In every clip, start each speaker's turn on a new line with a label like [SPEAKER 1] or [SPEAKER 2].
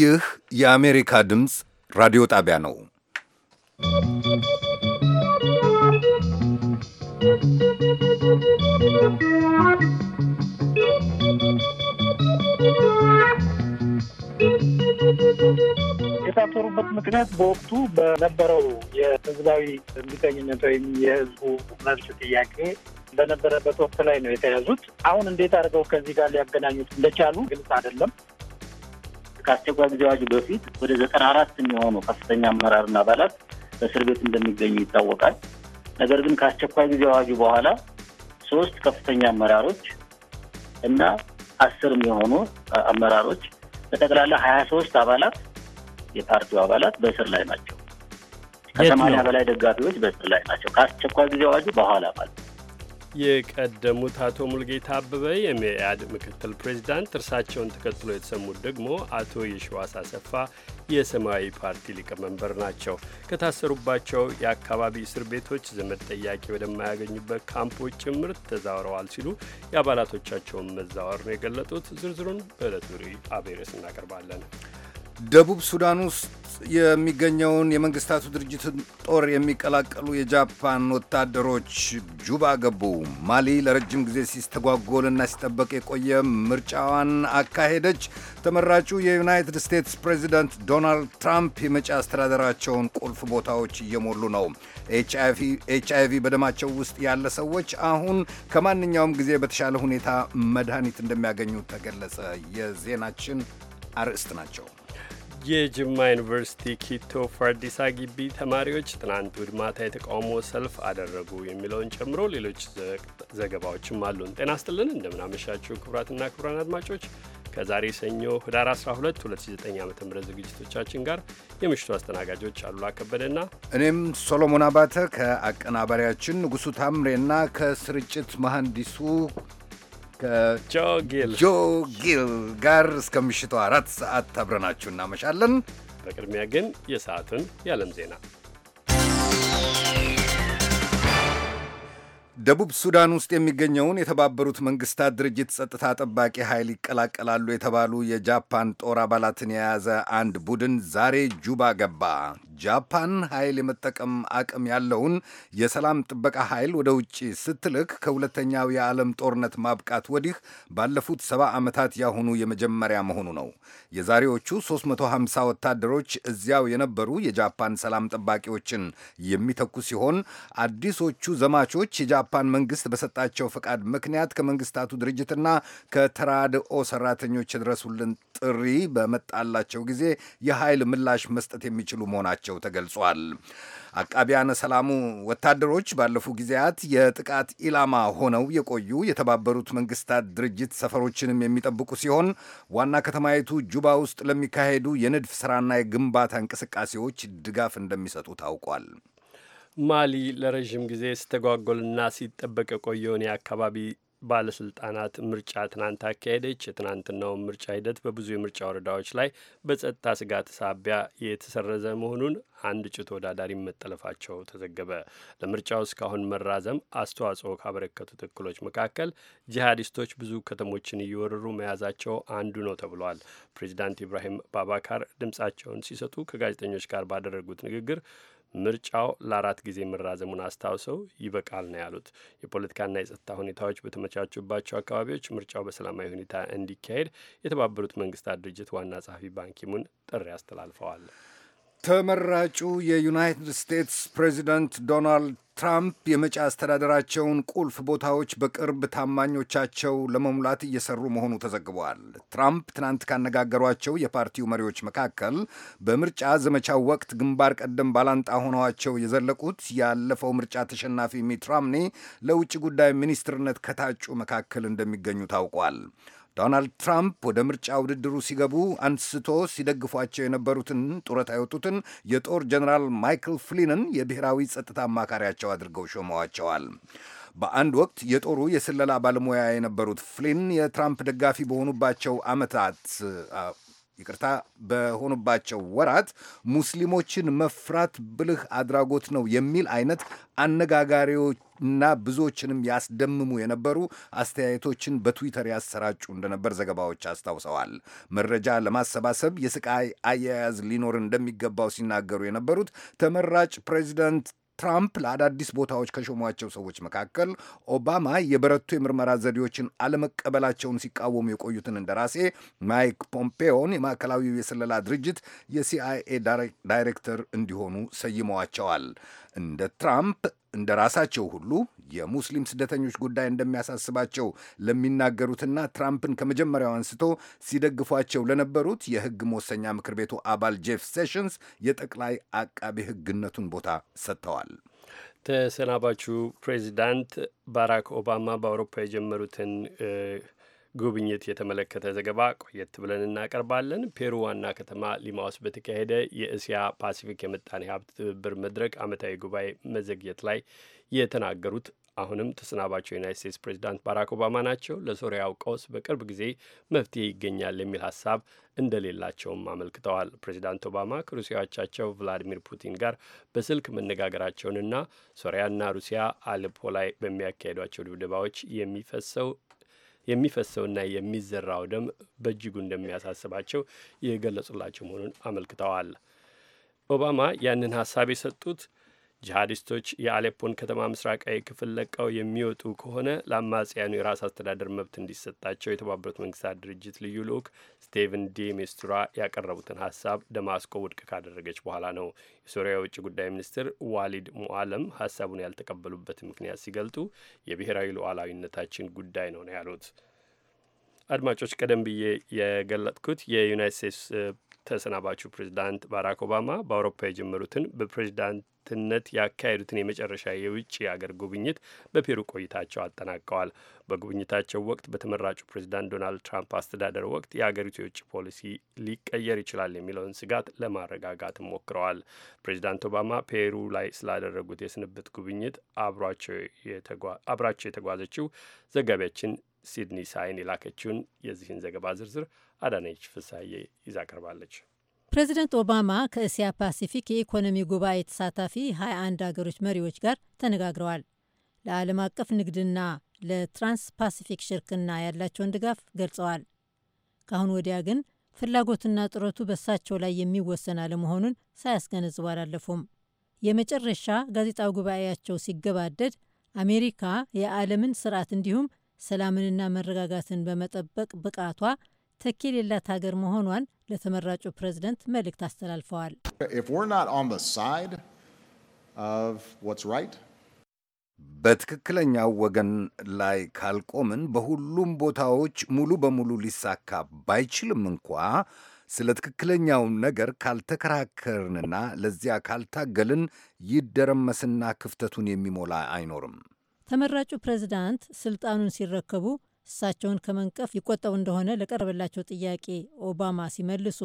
[SPEAKER 1] ይህ የአሜሪካ ድምፅ ራዲዮ ጣቢያ ነው።
[SPEAKER 2] የታሰሩበት ምክንያት በወቅቱ በነበረው የህዝባዊ እምቢተኝነት ወይም የህዝቡ መብት ጥያቄ በነበረበት ወቅት ላይ ነው የተያዙት። አሁን እንዴት አድርገው ከዚህ ጋር ሊያገናኙት እንደቻሉ ግልጽ አይደለም።
[SPEAKER 3] ከአስቸኳይ ጊዜ አዋጁ በፊት ወደ ዘጠና አራት የሚሆኑ ከፍተኛ አመራርና አባላት በእስር ቤት እንደሚገኙ ይታወቃል። ነገር ግን ከአስቸኳይ ጊዜ አዋጁ በኋላ ሶስት ከፍተኛ አመራሮች እና አስር የሚሆኑ አመራሮች በጠቅላላ ሀያ ሶስት አባላት የፓርቲው አባላት በእስር ላይ ናቸው። ከሰማንያ በላይ ደጋፊዎች በእስር ላይ ናቸው። ከአስቸኳይ ጊዜ አዋጁ በኋላ ማለት ነው።
[SPEAKER 4] የቀደሙት አቶ ሙልጌታ አበበ የመኢአድ ምክትል ፕሬዚዳንት፣ እርሳቸውን ተከትሎ የተሰሙት ደግሞ አቶ የሸዋስ አሰፋ የሰማያዊ ፓርቲ ሊቀመንበር ናቸው። ከታሰሩባቸው የአካባቢ እስር ቤቶች ዘመድ ጠያቂ ወደማያገኙበት ካምፖች ጭምር ተዛውረዋል ሲሉ የአባላቶቻቸውን መዛወር ነው የገለጡት። ዝርዝሩን በዕለቱ አብሬስ እናቀርባለን።
[SPEAKER 1] ደቡብ ሱዳን ውስጥ የሚገኘውን የመንግስታቱ ድርጅትን ጦር የሚቀላቀሉ የጃፓን ወታደሮች ጁባ ገቡ። ማሊ ለረጅም ጊዜ ሲስተጓጎልና ሲጠበቅ የቆየ ምርጫዋን አካሄደች። ተመራጩ የዩናይትድ ስቴትስ ፕሬዚደንት ዶናልድ ትራምፕ የመጪ አስተዳደራቸውን ቁልፍ ቦታዎች እየሞሉ ነው። ኤች አይቪ በደማቸው ውስጥ ያለ ሰዎች አሁን ከማንኛውም ጊዜ በተሻለ ሁኔታ መድኃኒት እንደሚያገኙ ተገለጸ። የዜናችን አርዕስት ናቸው።
[SPEAKER 4] የጅማ ዩኒቨርሲቲ ኪቶ ፈርዲሳ ግቢ ተማሪዎች ትናንት እሁድ ማታ የተቃውሞ ሰልፍ አደረጉ የሚለውን ጨምሮ ሌሎች ዘገባዎችም አሉን። ጤና ስጥልን እንደምናመሻችሁ ክቡራትና ክቡራን አድማጮች ከዛሬ ሰኞ ህዳር 12 2009 ዓ ም ዝግጅቶቻችን ጋር የምሽቱ አስተናጋጆች አሉላ ከበደና
[SPEAKER 1] እኔም ሶሎሞን አባተ ከአቀናባሪያችን ንጉሱ ታምሬና ከስርጭት መሐንዲሱ
[SPEAKER 4] ከጆጊል ጆጊል ጋር እስከ ምሽቱ አራት ሰዓት አብረናችሁ እናመሻለን። በቅድሚያ ግን የሰዓቱን የዓለም ዜና
[SPEAKER 1] ደቡብ ሱዳን ውስጥ የሚገኘውን የተባበሩት መንግስታት ድርጅት ጸጥታ ጠባቂ ኃይል ይቀላቀላሉ የተባሉ የጃፓን ጦር አባላትን የያዘ አንድ ቡድን ዛሬ ጁባ ገባ። ጃፓን ኃይል የመጠቀም አቅም ያለውን የሰላም ጥበቃ ኃይል ወደ ውጭ ስትልክ ከሁለተኛው የዓለም ጦርነት ማብቃት ወዲህ ባለፉት ሰባ ዓመታት ያሁኑ የመጀመሪያ መሆኑ ነው። የዛሬዎቹ 350 ወታደሮች እዚያው የነበሩ የጃፓን ሰላም ጠባቂዎችን የሚተኩ ሲሆን አዲሶቹ ዘማቾች የጃ የጃፓን መንግስት በሰጣቸው ፈቃድ ምክንያት ከመንግስታቱ ድርጅትና ከተራድኦ ሰራተኞች የድረሱልን ጥሪ በመጣላቸው ጊዜ የኃይል ምላሽ መስጠት የሚችሉ መሆናቸው ተገልጿል። አቃቢያነ ሰላሙ ወታደሮች ባለፉ ጊዜያት የጥቃት ኢላማ ሆነው የቆዩ የተባበሩት መንግስታት ድርጅት ሰፈሮችንም የሚጠብቁ ሲሆን ዋና ከተማይቱ ጁባ ውስጥ ለሚካሄዱ የንድፍ ስራና የግንባታ እንቅስቃሴዎች ድጋፍ እንደሚሰጡ ታውቋል።
[SPEAKER 4] ማሊ ለረዥም ጊዜ ስተጓጎልና ሲጠበቅ የቆየውን የአካባቢ ባለስልጣናት ምርጫ ትናንት አካሄደች። የትናንትናውን ምርጫ ሂደት በብዙ የምርጫ ወረዳዎች ላይ በጸጥታ ስጋት ሳቢያ የተሰረዘ መሆኑን አንድ እጩ ተወዳዳሪ መጠለፋቸው ተዘገበ። ለምርጫው እስካሁን መራዘም አስተዋጽኦ ካበረከቱ እክሎች መካከል ጂሃዲስቶች ብዙ ከተሞችን እየወረሩ መያዛቸው አንዱ ነው ተብሏል። ፕሬዚዳንት ኢብራሂም ባባካር ድምጻቸውን ሲሰጡ ከጋዜጠኞች ጋር ባደረጉት ንግግር ምርጫው ለአራት ጊዜ መራዘሙን አስታውሰው ይበቃል ነው ያሉት። የፖለቲካና የጸጥታ ሁኔታዎች በተመቻቹባቸው አካባቢዎች ምርጫው በሰላማዊ ሁኔታ እንዲካሄድ የተባበሩት መንግስታት ድርጅት ዋና ጸሐፊ ባንኪሙን ጥሪ አስተላልፈዋል።
[SPEAKER 1] ተመራጩ የዩናይትድ ስቴትስ ፕሬዚደንት ዶናልድ ትራምፕ የመጪ አስተዳደራቸውን ቁልፍ ቦታዎች በቅርብ ታማኞቻቸው ለመሙላት እየሰሩ መሆኑ ተዘግበዋል። ትራምፕ ትናንት ካነጋገሯቸው የፓርቲው መሪዎች መካከል በምርጫ ዘመቻው ወቅት ግንባር ቀደም ባላንጣ ሆነዋቸው የዘለቁት ያለፈው ምርጫ ተሸናፊ ሚት ሮምኒ ለውጭ ጉዳይ ሚኒስትርነት ከታጩ መካከል እንደሚገኙ ታውቋል። ዶናልድ ትራምፕ ወደ ምርጫ ውድድሩ ሲገቡ አንስቶ ሲደግፏቸው የነበሩትን ጡረታ የወጡትን የጦር ጀኔራል ማይክል ፍሊንን የብሔራዊ ጸጥታ አማካሪያቸው አድርገው ሾመዋቸዋል። በአንድ ወቅት የጦሩ የስለላ ባለሙያ የነበሩት ፍሊን የትራምፕ ደጋፊ በሆኑባቸው ዓመታት ይቅርታ በሆኑባቸው ወራት ሙስሊሞችን መፍራት ብልህ አድራጎት ነው የሚል አይነት አነጋጋሪዎችና ብዙዎችንም ያስደምሙ የነበሩ አስተያየቶችን በትዊተር ያሰራጩ እንደነበር ዘገባዎች አስታውሰዋል። መረጃ ለማሰባሰብ የስቃይ አያያዝ ሊኖር እንደሚገባው ሲናገሩ የነበሩት ተመራጭ ፕሬዚዳንት ትራምፕ ለአዳዲስ ቦታዎች ከሾሟቸው ሰዎች መካከል ኦባማ የበረቱ የምርመራ ዘዴዎችን አለመቀበላቸውን ሲቃወሙ የቆዩትን እንደራሴ ማይክ ፖምፔዮን የማዕከላዊው የስለላ ድርጅት የሲአይኤ ዳይሬክተር እንዲሆኑ ሰይመዋቸዋል። እንደ ትራምፕ እንደ ራሳቸው ሁሉ የሙስሊም ስደተኞች ጉዳይ እንደሚያሳስባቸው ለሚናገሩትና ትራምፕን ከመጀመሪያው አንስቶ ሲደግፏቸው ለነበሩት የሕግ መወሰኛ ምክር ቤቱ አባል ጄፍ ሴሽንስ የጠቅላይ አቃቤ ሕግነቱን ቦታ ሰጥተዋል።
[SPEAKER 4] ተሰናባቹ ፕሬዚዳንት ባራክ ኦባማ በአውሮፓ የጀመሩትን ጉብኝት የተመለከተ ዘገባ ቆየት ብለን እናቀርባለን። ፔሩ ዋና ከተማ ሊማ ውስጥ በተካሄደ የእስያ ፓሲፊክ የምጣኔ ሀብት ትብብር መድረክ ዓመታዊ ጉባኤ መዘግየት ላይ የተናገሩት አሁንም ተሰናባቹ የዩናይት ስቴትስ ፕሬዚዳንት ባራክ ኦባማ ናቸው። ለሶሪያው ቀውስ በቅርብ ጊዜ መፍትሄ ይገኛል የሚል ሀሳብ እንደሌላቸውም አመልክተዋል። ፕሬዚዳንት ኦባማ ከሩሲያዎቻቸው ቭላዲሚር ፑቲን ጋር በስልክ መነጋገራቸውንና ሶሪያና ሩሲያ አሌፖ ላይ በሚያካሄዷቸው ድብደባዎች የሚፈሰው የሚፈሰውና የሚዘራው ደም በእጅጉ እንደሚያሳስባቸው የገለጹላቸው መሆኑን አመልክተዋል። ኦባማ ያንን ሀሳብ የሰጡት ጂሃዲስቶች የአሌፖን ከተማ ምስራቃዊ ክፍል ለቀው የሚወጡ ከሆነ ለአማጽያኑ የራስ አስተዳደር መብት እንዲሰጣቸው የተባበሩት መንግስታት ድርጅት ልዩ ልዑክ ስቴቨን ዲ ሜስቱራ ያቀረቡትን ሀሳብ ደማስቆ ውድቅ ካደረገች በኋላ ነው። የሶሪያ የውጭ ጉዳይ ሚኒስትር ዋሊድ ሙአለም ሀሳቡን ያልተቀበሉበት ምክንያት ሲገልጡ የብሔራዊ ሉዓላዊነታችን ጉዳይ ነው ነው ያሉት። አድማጮች፣ ቀደም ብዬ የገለጥኩት የዩናይት ስቴትስ ተሰናባቹ ፕሬዚዳንት ባራክ ኦባማ በአውሮፓ የጀመሩትን በፕሬዚዳንት ምክትልነት ያካሄዱትን የመጨረሻ የውጭ አገር ጉብኝት በፔሩ ቆይታቸው አጠናቀዋል። በጉብኝታቸው ወቅት በተመራጩ ፕሬዚዳንት ዶናልድ ትራምፕ አስተዳደር ወቅት የአገሪቱ የውጭ ፖሊሲ ሊቀየር ይችላል የሚለውን ስጋት ለማረጋጋት ሞክረዋል። ፕሬዚዳንት ኦባማ ፔሩ ላይ ስላደረጉት የስንብት ጉብኝት አብራቸው የተጓዘችው ዘጋቢያችን ሲድኒ ሳይን የላከችውን የዚህን ዘገባ ዝርዝር አዳነች ፍሳዬ ይዛ ቀርባለች።
[SPEAKER 5] ፕሬዚደንት ኦባማ ከእስያ ፓሲፊክ የኢኮኖሚ ጉባኤ ተሳታፊ 21 አገሮች መሪዎች ጋር ተነጋግረዋል። ለዓለም አቀፍ ንግድና ለትራንስ ፓሲፊክ ሽርክና ያላቸውን ድጋፍ ገልጸዋል። ከአሁን ወዲያ ግን ፍላጎትና ጥረቱ በሳቸው ላይ የሚወሰን አለመሆኑን ሳያስገነዝቡ አላለፉም። የመጨረሻ ጋዜጣዊ ጉባኤያቸው ሲገባደድ አሜሪካ የዓለምን ስርዓት እንዲሁም ሰላምንና መረጋጋትን በመጠበቅ ብቃቷ ተኪ የሌላት ሀገር መሆኗን ለተመራጩ ፕሬዝደንት መልእክት አስተላልፈዋል።
[SPEAKER 1] በትክክለኛው ወገን ላይ ካልቆምን በሁሉም ቦታዎች ሙሉ በሙሉ ሊሳካ ባይችልም እንኳ ስለ ትክክለኛው ነገር ካልተከራከርንና ለዚያ ካልታገልን ይደረመስና ክፍተቱን የሚሞላ አይኖርም።
[SPEAKER 5] ተመራጩ ፕሬዝዳንት ስልጣኑን ሲረከቡ እሳቸውን ከመንቀፍ ይቆጠቡ እንደሆነ ለቀረበላቸው ጥያቄ ኦባማ ሲመልሱ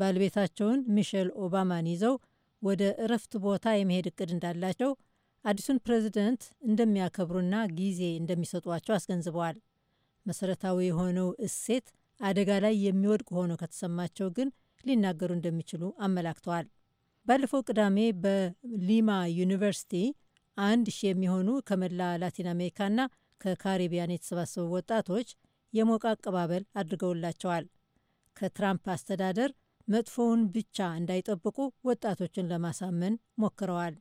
[SPEAKER 5] ባለቤታቸውን ሚሸል ኦባማን ይዘው ወደ እረፍት ቦታ የመሄድ እቅድ እንዳላቸው አዲሱን ፕሬዚደንት እንደሚያከብሩና ጊዜ እንደሚሰጧቸው አስገንዝበዋል። መሰረታዊ የሆነው እሴት አደጋ ላይ የሚወድቅ ሆኖ ከተሰማቸው ግን ሊናገሩ እንደሚችሉ አመላክተዋል። ባለፈው ቅዳሜ በሊማ ዩኒቨርሲቲ አንድ ሺህ የሚሆኑ ከመላ ላቲን አሜሪካና ከካሪቢያን የተሰባሰቡ ወጣቶች የሞቀ አቀባበል አድርገውላቸዋል። ከትራምፕ አስተዳደር መጥፎውን ብቻ እንዳይጠብቁ ወጣቶችን ለማሳመን ሞክረዋል።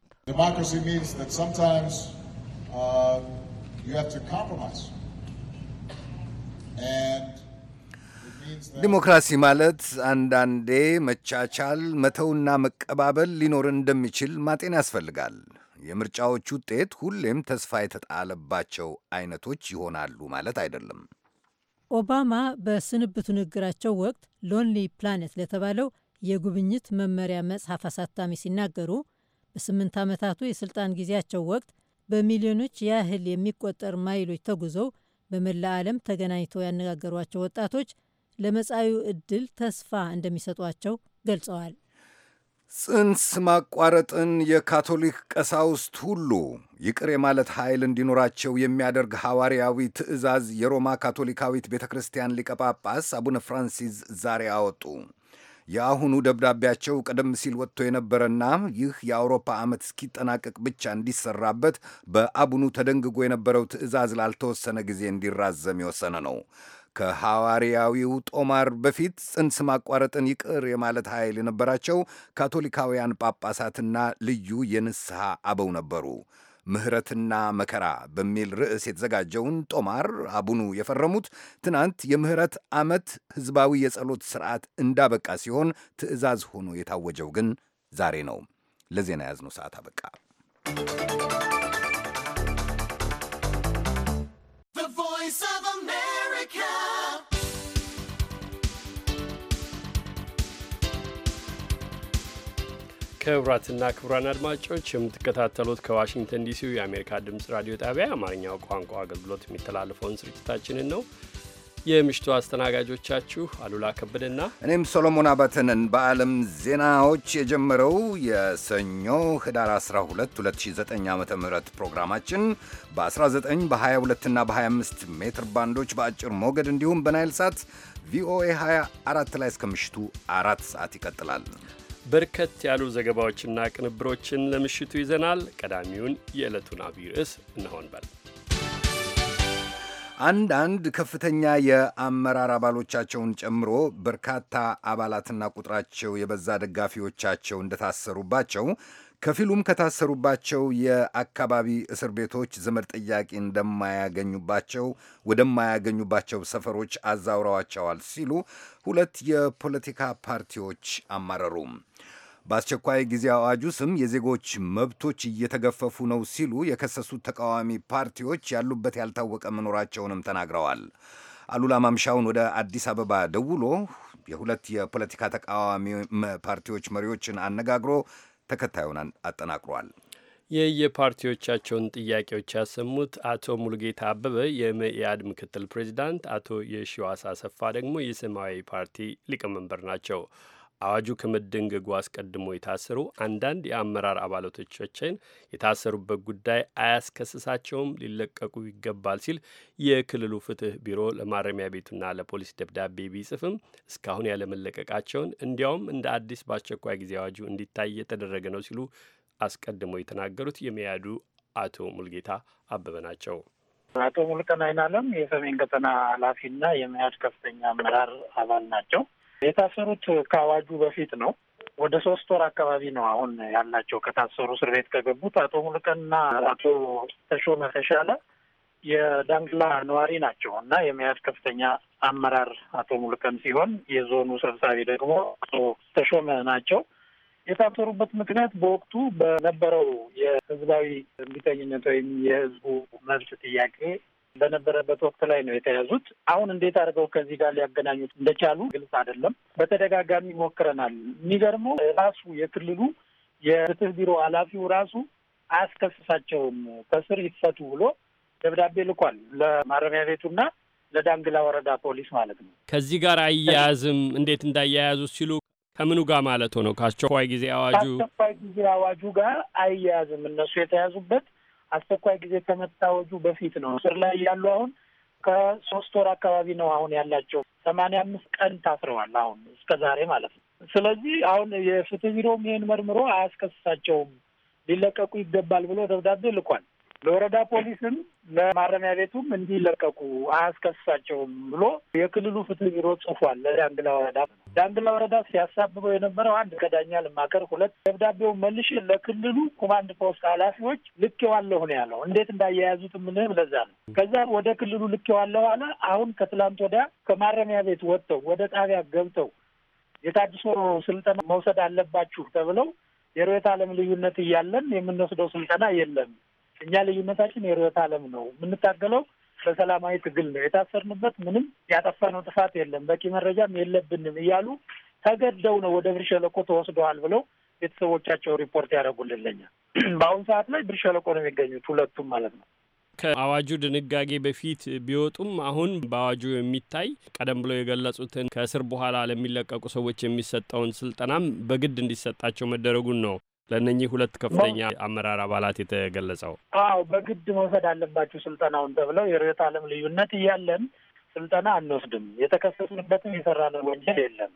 [SPEAKER 6] uh, ዲሞክራሲ
[SPEAKER 1] ማለት አንዳንዴ መቻቻል፣ መተውና መቀባበል ሊኖር እንደሚችል ማጤን ያስፈልጋል። የምርጫዎች ውጤት ሁሌም ተስፋ የተጣለባቸው አይነቶች ይሆናሉ ማለት አይደለም።
[SPEAKER 5] ኦባማ በስንብቱ ንግግራቸው ወቅት ሎንሊ ፕላኔት ለተባለው የጉብኝት መመሪያ መጽሐፍ አሳታሚ ሲናገሩ በስምንት ዓመታቱ የሥልጣን ጊዜያቸው ወቅት በሚሊዮኖች ያህል የሚቆጠር ማይሎች ተጉዘው በመላ ዓለም ተገናኝተው ያነጋገሯቸው ወጣቶች ለመጻዩ ዕድል ተስፋ እንደሚሰጧቸው ገልጸዋል። ጽንስ
[SPEAKER 1] ማቋረጥን የካቶሊክ ቀሳውስት ሁሉ ይቅር የማለት ኃይል እንዲኖራቸው የሚያደርግ ሐዋርያዊ ትእዛዝ የሮማ ካቶሊካዊት ቤተ ክርስቲያን ሊቀ ጳጳስ አቡነ ፍራንሲስ ዛሬ አወጡ። የአሁኑ ደብዳቤያቸው ቀደም ሲል ወጥቶ የነበረና ይህ የአውሮፓ ዓመት እስኪጠናቀቅ ብቻ እንዲሰራበት በአቡኑ ተደንግጎ የነበረው ትእዛዝ ላልተወሰነ ጊዜ እንዲራዘም የወሰነ ነው። ከሐዋርያዊው ጦማር በፊት ጽንስ ማቋረጥን ይቅር የማለት ኃይል የነበራቸው ካቶሊካውያን ጳጳሳትና ልዩ የንስሐ አበው ነበሩ። ምህረትና መከራ በሚል ርዕስ የተዘጋጀውን ጦማር አቡኑ የፈረሙት ትናንት የምህረት ዓመት ሕዝባዊ የጸሎት ስርዓት እንዳበቃ ሲሆን ትዕዛዝ ሆኖ የታወጀው ግን ዛሬ ነው። ለዜና ያዝነው ሰዓት አበቃ።
[SPEAKER 4] ክቡራትና ክቡራን አድማጮች የምትከታተሉት ከዋሽንግተን ዲሲው የአሜሪካ ድምፅ ራዲዮ ጣቢያ የአማርኛው ቋንቋ አገልግሎት የሚተላለፈውን ስርጭታችንን ነው። የምሽቱ አስተናጋጆቻችሁ አሉላ ከበደና
[SPEAKER 1] እኔም ሶሎሞን አባተንን። በዓለም ዜናዎች የጀመረው የሰኞ ህዳር 12 2009 ዓ ም ፕሮግራማችን በ19 በ22ና በ25 ሜትር ባንዶች በአጭር ሞገድ እንዲሁም በናይል ሳት ቪኦኤ 24 ላይ እስከ ምሽቱ
[SPEAKER 4] አራት ሰዓት ይቀጥላል። በርከት ያሉ ዘገባዎችና ቅንብሮችን ለምሽቱ ይዘናል። ቀዳሚውን የዕለቱን አብይ ርዕስ በል
[SPEAKER 1] አንዳንድ ከፍተኛ የአመራር አባሎቻቸውን ጨምሮ በርካታ አባላትና ቁጥራቸው የበዛ ደጋፊዎቻቸው እንደታሰሩባቸው ከፊሉም ከታሰሩባቸው የአካባቢ እስር ቤቶች ዘመድ ጥያቄ እንደማያገኙባቸው ወደማያገኙባቸው ሰፈሮች አዛውረዋቸዋል ሲሉ ሁለት የፖለቲካ ፓርቲዎች አማረሩም። በአስቸኳይ ጊዜ አዋጁ ስም የዜጎች መብቶች እየተገፈፉ ነው ሲሉ የከሰሱት ተቃዋሚ ፓርቲዎች ያሉበት ያልታወቀ መኖራቸውንም ተናግረዋል። አሉላ ማምሻውን ወደ አዲስ አበባ ደውሎ የሁለት የፖለቲካ ተቃዋሚ ፓርቲዎች መሪዎችን አነጋግሮ ተከታዩን አጠናቅሯል።
[SPEAKER 4] የየፓርቲዎቻቸውን ጥያቄዎች ያሰሙት አቶ ሙሉጌታ አበበ የመኢአድ ምክትል ፕሬዚዳንት፣ አቶ የሺዋስ አሰፋ ደግሞ የሰማያዊ ፓርቲ ሊቀመንበር ናቸው። አዋጁ ከመደንገጉ አስቀድሞ የታሰሩ አንዳንድ የአመራር አባላቶቻችን የታሰሩበት ጉዳይ አያስከስሳቸውም፣ ሊለቀቁ ይገባል ሲል የክልሉ ፍትህ ቢሮ ለማረሚያ ቤቱና ለፖሊስ ደብዳቤ ቢጽፍም እስካሁን ያለመለቀቃቸውን እንዲያውም እንደ አዲስ በአስቸኳይ ጊዜ አዋጁ እንዲታይ የተደረገ ነው ሲሉ አስቀድሞ የተናገሩት የሚያዱ አቶ ሙልጌታ አበበ ናቸው።
[SPEAKER 2] አቶ ሙልቀን አይናለም የሰሜን ቀጠና ኃላፊና የሚያድ ከፍተኛ አመራር አባል ናቸው። የታሰሩት ከአዋጁ በፊት ነው። ወደ ሶስት ወር አካባቢ ነው አሁን ያላቸው ከታሰሩ እስር ቤት ከገቡት። አቶ ሙሉቀንና አቶ ተሾመ ተሻለ የዳንግላ ነዋሪ ናቸው እና የመያዝ ከፍተኛ አመራር አቶ ሙሉቀን ሲሆን የዞኑ ሰብሳቢ ደግሞ አቶ ተሾመ ናቸው። የታሰሩበት ምክንያት በወቅቱ በነበረው የህዝባዊ እምቢተኝነት ወይም የህዝቡ መብት ጥያቄ በነበረበት ወቅት ላይ ነው የተያዙት። አሁን እንዴት አድርገው ከዚህ ጋር ሊያገናኙት እንደቻሉ ግልጽ አይደለም። በተደጋጋሚ ሞክረናል። የሚገርመው ራሱ የክልሉ የፍትህ ቢሮ ኃላፊው ራሱ አያስከስሳቸውም ከስር ይፈቱ ብሎ ደብዳቤ ልኳል ለማረሚያ ቤቱና ለዳንግላ ወረዳ ፖሊስ ማለት ነው።
[SPEAKER 4] ከዚህ ጋር አያያዝም እንዴት እንዳያያዙ ሲሉ ከምኑ ጋር ማለት ሆነው ከአስቸኳይ ጊዜ አዋጁ
[SPEAKER 2] ከአስቸኳይ ጊዜ አዋጁ ጋር አያያዝም እነሱ የተያዙበት አስቸኳይ ጊዜ ከመታወጁ በፊት ነው ስር ላይ ያሉ አሁን ከሶስት ወር አካባቢ ነው አሁን ያላቸው። ሰማንያ አምስት ቀን ታስረዋል አሁን እስከ ዛሬ ማለት ነው። ስለዚህ አሁን የፍትህ ቢሮም ይሄን መርምሮ አያስከስሳቸውም ሊለቀቁ ይገባል ብሎ ደብዳቤ ልኳል። ለወረዳ ፖሊስም ለማረሚያ ቤቱም እንዲለቀቁ አያስከሳቸውም ብሎ የክልሉ ፍትህ ቢሮ ጽፏል። ለዳንግላ ወረዳ ዳንግላ ወረዳ ሲያሳብበው የነበረው አንድ ከዳኛ ልማከር፣ ሁለት ደብዳቤውን መልሽ ለክልሉ ኮማንድ ፖስት ኃላፊዎች ልኬዋለሁ ነው ያለው። እንዴት እንዳያያዙት የምልህ ለዛ ነው። ከዛ ወደ ክልሉ ልኬዋለሁ አለ። አሁን ከትላንት ወዲያ ከማረሚያ ቤት ወጥተው ወደ ጣቢያ ገብተው የታድሶ ስልጠና መውሰድ አለባችሁ ተብለው የርዕዮተ ዓለም ልዩነት እያለን የምንወስደው ስልጠና የለም እኛ ልዩነታችን የርዕዮተ ዓለም ነው። የምንታገለው በሰላማዊ ትግል ነው። የታሰርንበት ምንም ያጠፋነው ጥፋት የለም፣ በቂ መረጃም የለብንም እያሉ ተገደው ነው ወደ ብር ሸለቆ ተወስደዋል ብለው ቤተሰቦቻቸው ሪፖርት ያደረጉልኛል። በአሁኑ ሰዓት ላይ ብር ሸለቆ ነው የሚገኙት ሁለቱም ማለት ነው።
[SPEAKER 4] ከአዋጁ ድንጋጌ በፊት ቢወጡም አሁን በአዋጁ የሚታይ ቀደም ብለው የገለጹትን ከእስር በኋላ ለሚለቀቁ ሰዎች የሚሰጠውን ስልጠናም በግድ እንዲሰጣቸው መደረጉን ነው ለእነኚህ ሁለት ከፍተኛ አመራር አባላት የተገለጸው።
[SPEAKER 2] አዎ በግድ መውሰድ አለባችሁ ስልጠናውን ተብለው የርዕዮተ ዓለም ልዩነት እያለን ስልጠና አንወስድም። የተከሰስንበትም የሰራነው ወንጀል የለም።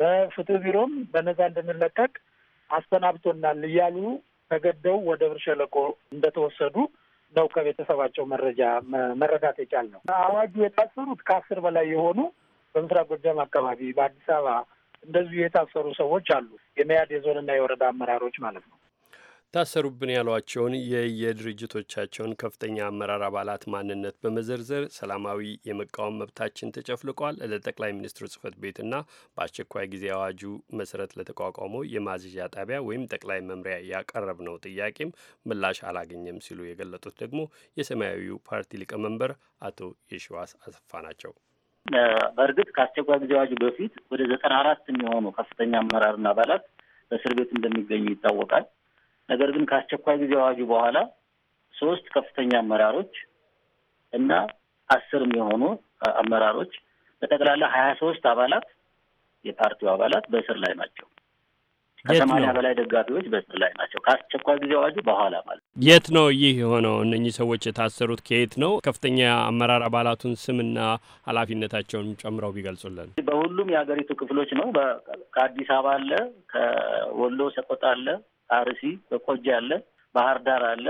[SPEAKER 2] በፍትህ ቢሮም በነዛ እንድንለቀቅ አሰናብቶናል እያሉ ተገደው ወደ ብር ሸለቆ እንደተወሰዱ ነው ከቤተሰባቸው መረጃ መረዳት የቻልነው። አዋጁ የታሰሩት ከአስር በላይ የሆኑ በምስራቅ ጎጃም አካባቢ በአዲስ አበባ እንደዚሁ የታሰሩ ሰዎች አሉ። የመያድ የዞንና የወረዳ አመራሮች ማለት ነው።
[SPEAKER 4] ታሰሩብን ያሏቸውን የየድርጅቶቻቸውን ከፍተኛ አመራር አባላት ማንነት በመዘርዘር ሰላማዊ የመቃወም መብታችን ተጨፍልቋል፣ ለጠቅላይ ሚኒስትሩ ጽህፈት ቤትና በአስቸኳይ ጊዜ አዋጁ መሰረት ለተቋቋመው የማዘዣ ጣቢያ ወይም ጠቅላይ መምሪያ ነው ጥያቄም ምላሽ አላገኘም ሲሉ የገለጡት ደግሞ የሰማያዊው ፓርቲ ሊቀመንበር አቶ የሸዋስ አሰፋ ናቸው።
[SPEAKER 3] በእርግጥ ከአስቸኳይ ጊዜ አዋጁ በፊት ወደ ዘጠና አራት የሚሆኑ ከፍተኛ አመራርና አባላት በእስር ቤት እንደሚገኙ ይታወቃል። ነገር ግን ከአስቸኳይ ጊዜ አዋጁ በኋላ ሶስት ከፍተኛ አመራሮች እና አስር የሚሆኑ አመራሮች በጠቅላላ ሀያ ሶስት አባላት የፓርቲው አባላት በእስር ላይ ናቸው። ከሰማኒያ በላይ ደጋፊዎች በእስር ላይ ናቸው። ከአስቸኳይ ጊዜ አዋጁ በኋላ ማለት
[SPEAKER 4] የት ነው ይህ የሆነው? እነኚህ ሰዎች የታሰሩት ከየት ነው? ከፍተኛ አመራር አባላቱን ስምና ኃላፊነታቸውን ጨምረው ቢገልጹልን።
[SPEAKER 3] በሁሉም የሀገሪቱ ክፍሎች ነው። ከአዲስ አበባ አለ፣ ከወሎ ሰቆጣ አለ፣ አርሲ በቆጂ አለ፣ ባህር ዳር አለ።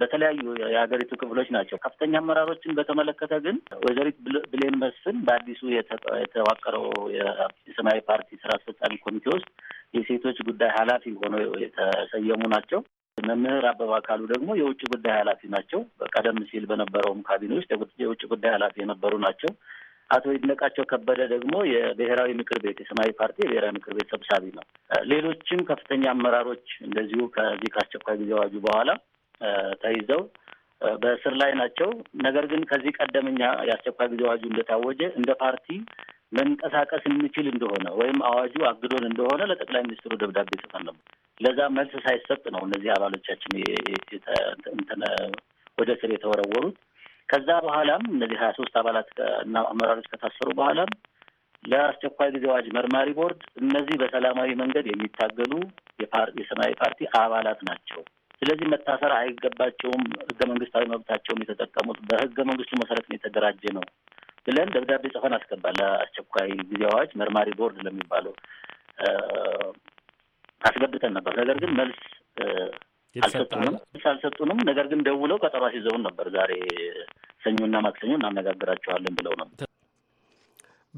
[SPEAKER 3] በተለያዩ የሀገሪቱ ክፍሎች ናቸው። ከፍተኛ አመራሮችን በተመለከተ ግን ወይዘሪት ብሌን መስፍን በአዲሱ የተዋቀረው የሰማያዊ ፓርቲ ስራ አስፈጻሚ ኮሚቴ ውስጥ የሴቶች ጉዳይ ኃላፊ ሆነው የተሰየሙ ናቸው። መምህር አበባ አካሉ ደግሞ የውጭ ጉዳይ ኃላፊ ናቸው። ቀደም ሲል በነበረውም ካቢኔ ውስጥ የውጭ ጉዳይ ኃላፊ የነበሩ ናቸው። አቶ ይድነቃቸው ከበደ ደግሞ የብሔራዊ ምክር ቤት የሰማያዊ ፓርቲ የብሔራዊ ምክር ቤት ሰብሳቢ ነው። ሌሎችም ከፍተኛ አመራሮች እንደዚሁ ከዚህ ከአስቸኳይ ጊዜ አዋጁ በኋላ ተይዘው በእስር ላይ ናቸው። ነገር ግን ከዚህ ቀደም እኛ የአስቸኳይ ጊዜ አዋጁ እንደታወጀ እንደ ፓርቲ መንቀሳቀስ እንችል እንደሆነ ወይም አዋጁ አግዶን እንደሆነ ለጠቅላይ ሚኒስትሩ ደብዳቤ ጽፈን ነበር። ለዛ መልስ ሳይሰጥ ነው እነዚህ አባሎቻችን ወደ ስር የተወረወሩት። ከዛ በኋላም እነዚህ ሀያ ሶስት አባላት እና አመራሮች ከታሰሩ በኋላም ለአስቸኳይ ጊዜ አዋጅ መርማሪ ቦርድ እነዚህ በሰላማዊ መንገድ የሚታገሉ የሰማያዊ ፓርቲ አባላት ናቸው፣ ስለዚህ መታሰር አይገባቸውም፣ ህገ መንግስታዊ መብታቸውም የተጠቀሙት በህገ መንግስቱ መሰረት የተደራጀ ነው ብለን ደብዳቤ ጽፈን አስገባል። ለአስቸኳይ ጊዜ አዋጅ መርማሪ ቦርድ ለሚባለው አስገብተን ነበር። ነገር ግን መልስ አልሰጡንም። መልስ አልሰጡንም። ነገር ግን ደውለው ቀጠሮ ሲዘውን ነበር። ዛሬ ሰኞና ማክሰኞ እናነጋግራቸዋለን ብለው ነው።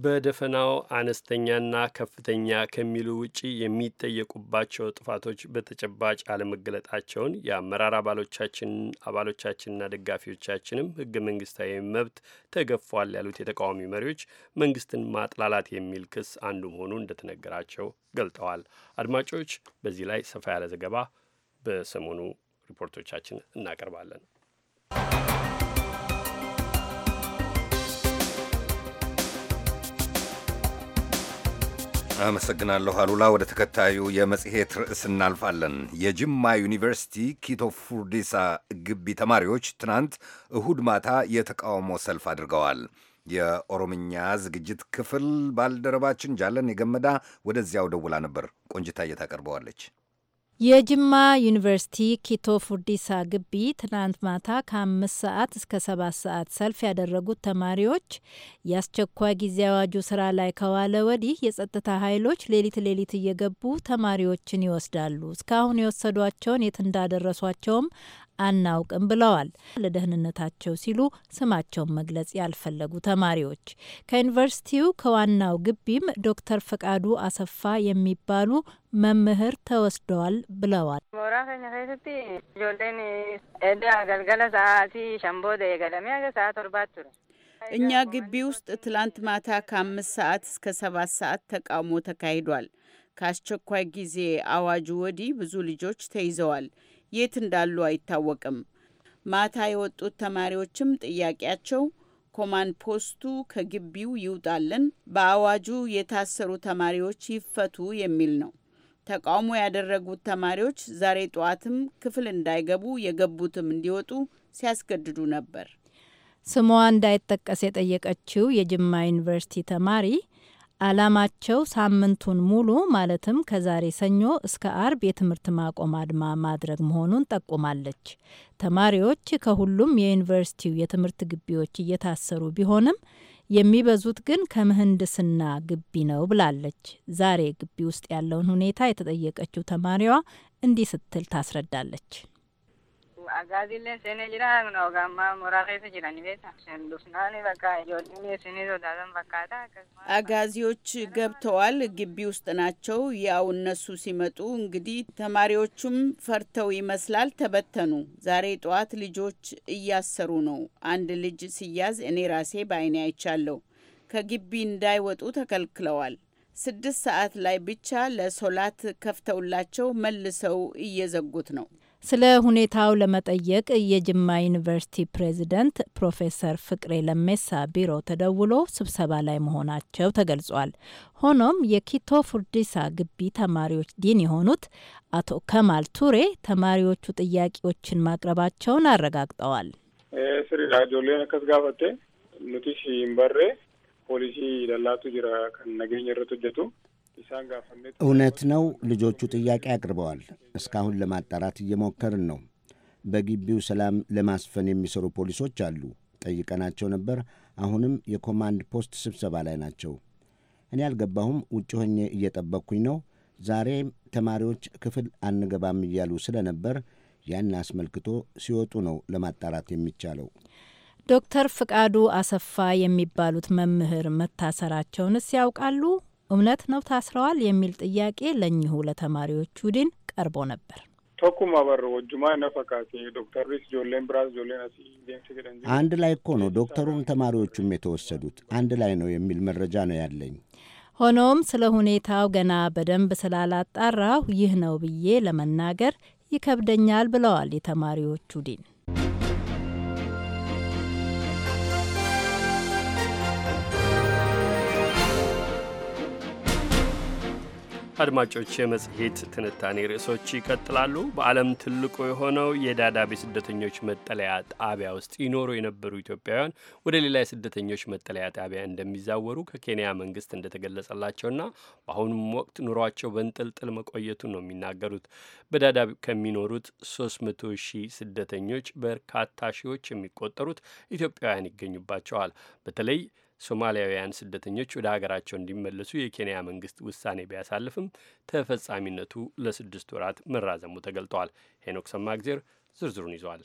[SPEAKER 4] በደፈናው አነስተኛና ከፍተኛ ከሚሉ ውጪ የሚጠየቁባቸው ጥፋቶች በተጨባጭ አለመገለጣቸውን የአመራር አባሎቻችን አባሎቻችንና ደጋፊዎቻችንም ህገ መንግስታዊ መብት ተገፏል ያሉት የተቃዋሚ መሪዎች መንግስትን ማጥላላት የሚል ክስ አንዱ መሆኑ እንደተነገራቸው ገልጠዋል። አድማጮች በዚህ ላይ ሰፋ ያለ ዘገባ በሰሞኑ ሪፖርቶቻችን እናቀርባለን።
[SPEAKER 1] አመሰግናለሁ አሉላ። ወደ ተከታዩ የመጽሔት ርዕስ እናልፋለን። የጅማ ዩኒቨርሲቲ ኪቶ ፉርዲሳ ግቢ ተማሪዎች ትናንት እሁድ ማታ የተቃውሞ ሰልፍ አድርገዋል። የኦሮምኛ ዝግጅት ክፍል ባልደረባችን ጃለን የገመዳ ወደዚያው ደውላ ነበር። ቆንጅታ እየታቀርበዋለች።
[SPEAKER 7] የጅማ ዩኒቨርሲቲ ኪቶ ፉርዲሳ ግቢ ትናንት ማታ ከአምስት ሰዓት እስከ ሰባት ሰዓት ሰልፍ ያደረጉት ተማሪዎች የአስቸኳይ ጊዜ አዋጁ ስራ ላይ ከዋለ ወዲህ የጸጥታ ኃይሎች ሌሊት ሌሊት እየገቡ ተማሪዎችን ይወስዳሉ። እስካሁን የወሰዷቸውን የት እንዳደረሷቸውም አናውቅም ብለዋል። ለደህንነታቸው ሲሉ ስማቸውን መግለጽ ያልፈለጉ ተማሪዎች ከዩኒቨርሲቲው ከዋናው ግቢም ዶክተር ፈቃዱ አሰፋ የሚባሉ መምህር ተወስደዋል ብለዋል።
[SPEAKER 8] እኛ ግቢ ውስጥ ትላንት ማታ ከአምስት ሰዓት እስከ ሰባት ሰዓት ተቃውሞ ተካሂዷል። ከአስቸኳይ ጊዜ አዋጁ ወዲህ ብዙ ልጆች ተይዘዋል። የት እንዳሉ አይታወቅም። ማታ የወጡት ተማሪዎችም ጥያቄያቸው ኮማንድ ፖስቱ ከግቢው ይውጣልን፣ በአዋጁ የታሰሩ ተማሪዎች ይፈቱ የሚል ነው። ተቃውሞ ያደረጉት ተማሪዎች ዛሬ ጠዋትም ክፍል እንዳይገቡ የገቡትም እንዲወጡ ሲያስገድዱ ነበር።
[SPEAKER 7] ስሟ እንዳይጠቀስ የጠየቀችው የጅማ ዩኒቨርሲቲ ተማሪ ዓላማቸው ሳምንቱን ሙሉ ማለትም ከዛሬ ሰኞ እስከ አርብ የትምህርት ማቆም አድማ ማድረግ መሆኑን ጠቁማለች። ተማሪዎች ከሁሉም የዩኒቨርሲቲው የትምህርት ግቢዎች እየታሰሩ ቢሆንም የሚበዙት ግን ከምህንድስና ግቢ ነው ብላለች። ዛሬ ግቢ ውስጥ ያለውን ሁኔታ የተጠየቀችው ተማሪዋ እንዲህ ስትል ታስረዳለች።
[SPEAKER 5] Agaadillee seenee jira hogganmaa se jira ni beekta. Dufnaani በቃ ijoolleen isinii sodaatan fakkaata
[SPEAKER 8] akkasuma አጋዚዎች ገብተዋል። ግቢ ውስጥ ናቸው። ያው እነሱ ሲመጡ እንግዲህ ተማሪዎቹም ፈርተው ይመስላል ተበተኑ። ዛሬ ጠዋት ልጆች እያሰሩ ነው። አንድ ልጅ ሲያዝ እኔ ራሴ በዓይኔ አይቻለሁ። ከግቢ እንዳይወጡ ተከልክለዋል። ስድስት ሰዓት ላይ ብቻ ለሶላት ከፍተውላቸው መልሰው እየዘጉት ነው።
[SPEAKER 7] ስለ ሁኔታው ለመጠየቅ የጅማ ዩኒቨርሲቲ ፕሬዝደንት ፕሮፌሰር ፍቅሬ ለሜሳ ቢሮ ተደውሎ ስብሰባ ላይ መሆናቸው ተገልጿል። ሆኖም የኪቶ ፉርዲሳ ግቢ ተማሪዎች ዲን የሆኑት አቶ ከማል ቱሬ ተማሪዎቹ ጥያቄዎችን ማቅረባቸውን አረጋግጠዋል።
[SPEAKER 3] ፖሊሲ ደላቱ ጅራ ከነገኝ ረት ረት
[SPEAKER 7] እውነት
[SPEAKER 6] ነው። ልጆቹ ጥያቄ አቅርበዋል። እስካሁን ለማጣራት እየሞከርን ነው። በግቢው ሰላም ለማስፈን የሚሰሩ ፖሊሶች አሉ። ጠይቀናቸው ነበር። አሁንም የኮማንድ ፖስት ስብሰባ ላይ ናቸው። እኔ አልገባሁም። ውጭ ሆኜ እየጠበቅኩኝ ነው። ዛሬም ተማሪዎች ክፍል አንገባም እያሉ ስለነበር ያን አስመልክቶ ሲወጡ ነው ለማጣራት የሚቻለው።
[SPEAKER 7] ዶክተር ፍቃዱ አሰፋ የሚባሉት መምህር መታሰራቸውንስ ያውቃሉ? እውነት ነው ታስረዋል የሚል ጥያቄ ለእኚሁ ለተማሪዎቹ ዲን ቀርቦ ነበር።
[SPEAKER 6] አንድ ላይ እኮ ነው ዶክተሩም ተማሪዎቹም የተወሰዱት አንድ ላይ ነው የሚል መረጃ ነው ያለኝ።
[SPEAKER 7] ሆኖም ስለ ሁኔታው ገና በደንብ ስላላጣራሁ ይህ ነው ብዬ ለመናገር ይከብደኛል ብለዋል የተማሪዎቹ
[SPEAKER 4] ዲን። አድማጮች የመጽሔት ትንታኔ ርዕሶች ይቀጥላሉ። በዓለም ትልቁ የሆነው የዳዳቤ ስደተኞች መጠለያ ጣቢያ ውስጥ ይኖሩ የነበሩ ኢትዮጵያውያን ወደ ሌላ የስደተኞች መጠለያ ጣቢያ እንደሚዛወሩ ከኬንያ መንግስት እንደተገለጸላቸውና በአሁኑም ወቅት ኑሯቸው በንጥልጥል መቆየቱን ነው የሚናገሩት። በዳዳብ ከሚኖሩት 300 ሺህ ስደተኞች በርካታ ሺዎች የሚቆጠሩት ኢትዮጵያውያን ይገኙባቸዋል። በተለይ ሶማሊያውያን ስደተኞች ወደ ሀገራቸው እንዲመለሱ የኬንያ መንግስት ውሳኔ ቢያሳልፍም ተፈጻሚነቱ ለስድስት ወራት መራዘሙ ተገልጧል። ሄኖክ እግዜር ዝርዝሩን ይዟል።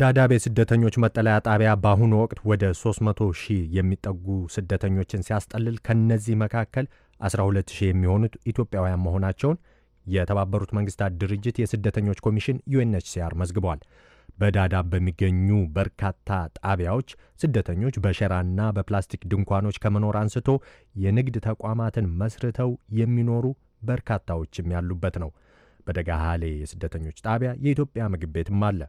[SPEAKER 9] ዳዳቤ ስደተኞች መጠለያ ጣቢያ በአሁኑ ወቅት ወደ 300 ሺህ የሚጠጉ ስደተኞችን ሲያስጠልል ከነዚህ መካከል 12 ሺህ የሚሆኑት ኢትዮጵያውያን መሆናቸውን የተባበሩት መንግስታት ድርጅት የስደተኞች ኮሚሽን ዩኤንኤችሲአር መዝግቧል። በዳዳብ በሚገኙ በርካታ ጣቢያዎች ስደተኞች በሸራና በፕላስቲክ ድንኳኖች ከመኖር አንስቶ የንግድ ተቋማትን መስርተው የሚኖሩ በርካታዎችም ያሉበት ነው። በደጋሃሌ የስደተኞች ጣቢያ የኢትዮጵያ ምግብ ቤትም አለ።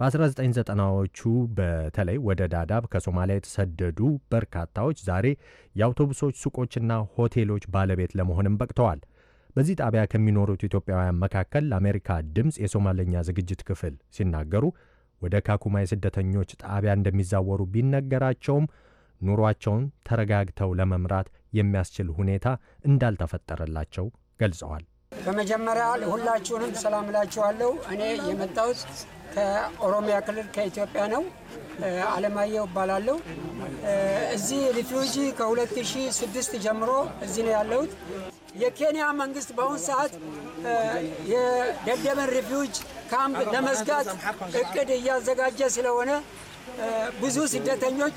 [SPEAKER 9] በ1990ዎቹ በተለይ ወደ ዳዳብ ከሶማሊያ የተሰደዱ በርካታዎች ዛሬ የአውቶቡሶች ሱቆችና ሆቴሎች ባለቤት ለመሆንም በቅተዋል። በዚህ ጣቢያ ከሚኖሩት ኢትዮጵያውያን መካከል ለአሜሪካ ድምፅ የሶማለኛ ዝግጅት ክፍል ሲናገሩ ወደ ካኩማ የስደተኞች ጣቢያ እንደሚዛወሩ ቢነገራቸውም ኑሯቸውን ተረጋግተው ለመምራት የሚያስችል ሁኔታ እንዳልተፈጠረላቸው ገልጸዋል።
[SPEAKER 10] በመጀመሪያ ሁላችሁንም ሰላም እላችኋለሁ። እኔ የመጣሁት ከኦሮሚያ ክልል ከኢትዮጵያ ነው። አለማየሁ እባላለሁ። እዚህ ሪፊውጂ ከ2006 ጀምሮ እዚህ ነው ያለሁት። የኬንያ መንግስት በአሁን ሰዓት የደደበን ሪፊውጅ ካምፕ ለመዝጋት እቅድ እያዘጋጀ ስለሆነ ብዙ ስደተኞች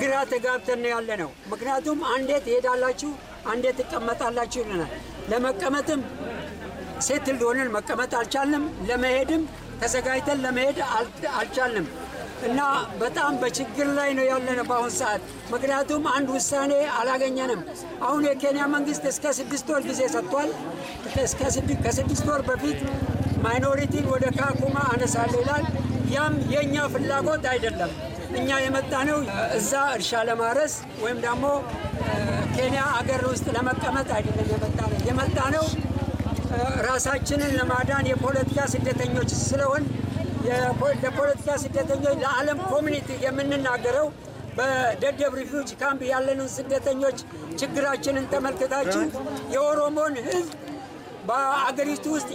[SPEAKER 10] ግራ ተጋብተን ያለ ነው። ምክንያቱም አንዴት ሄዳላችሁ አንዴት ትቀመጣላችሁ ይለናል። ለመቀመጥም ሴት እንደሆንን መቀመጥ አልቻልንም። ለመሄድም ተዘጋጅተን ለመሄድ አልቻልንም። እና በጣም በችግር ላይ ነው ያለነው በአሁን ሰዓት። ምክንያቱም አንድ ውሳኔ አላገኘንም። አሁን የኬንያ መንግስት እስከ ስድስት ወር ጊዜ ሰጥቷል። ከስድስት ወር በፊት ማይኖሪቲን ወደ ካኩማ አነሳለሁ ይላል። ያም የእኛ ፍላጎት አይደለም። እኛ የመጣ ነው እዛ እርሻ ለማረስ ወይም ደግሞ ኬንያ አገር ውስጥ ለመቀመጥ አይደለም የመጣ ነው የመጣ ነው ራሳችንን ለማዳን የፖለቲካ ስደተኞች ስለሆን ለፖለቲካ ስደተኞች ለዓለም ኮሚኒቲ የምንናገረው በደደብ ሪፊውጅ ካምፕ ያለንን ስደተኞች ችግራችንን ተመልክታችሁ የኦሮሞን ሕዝብ በአገሪቱ ውስጥ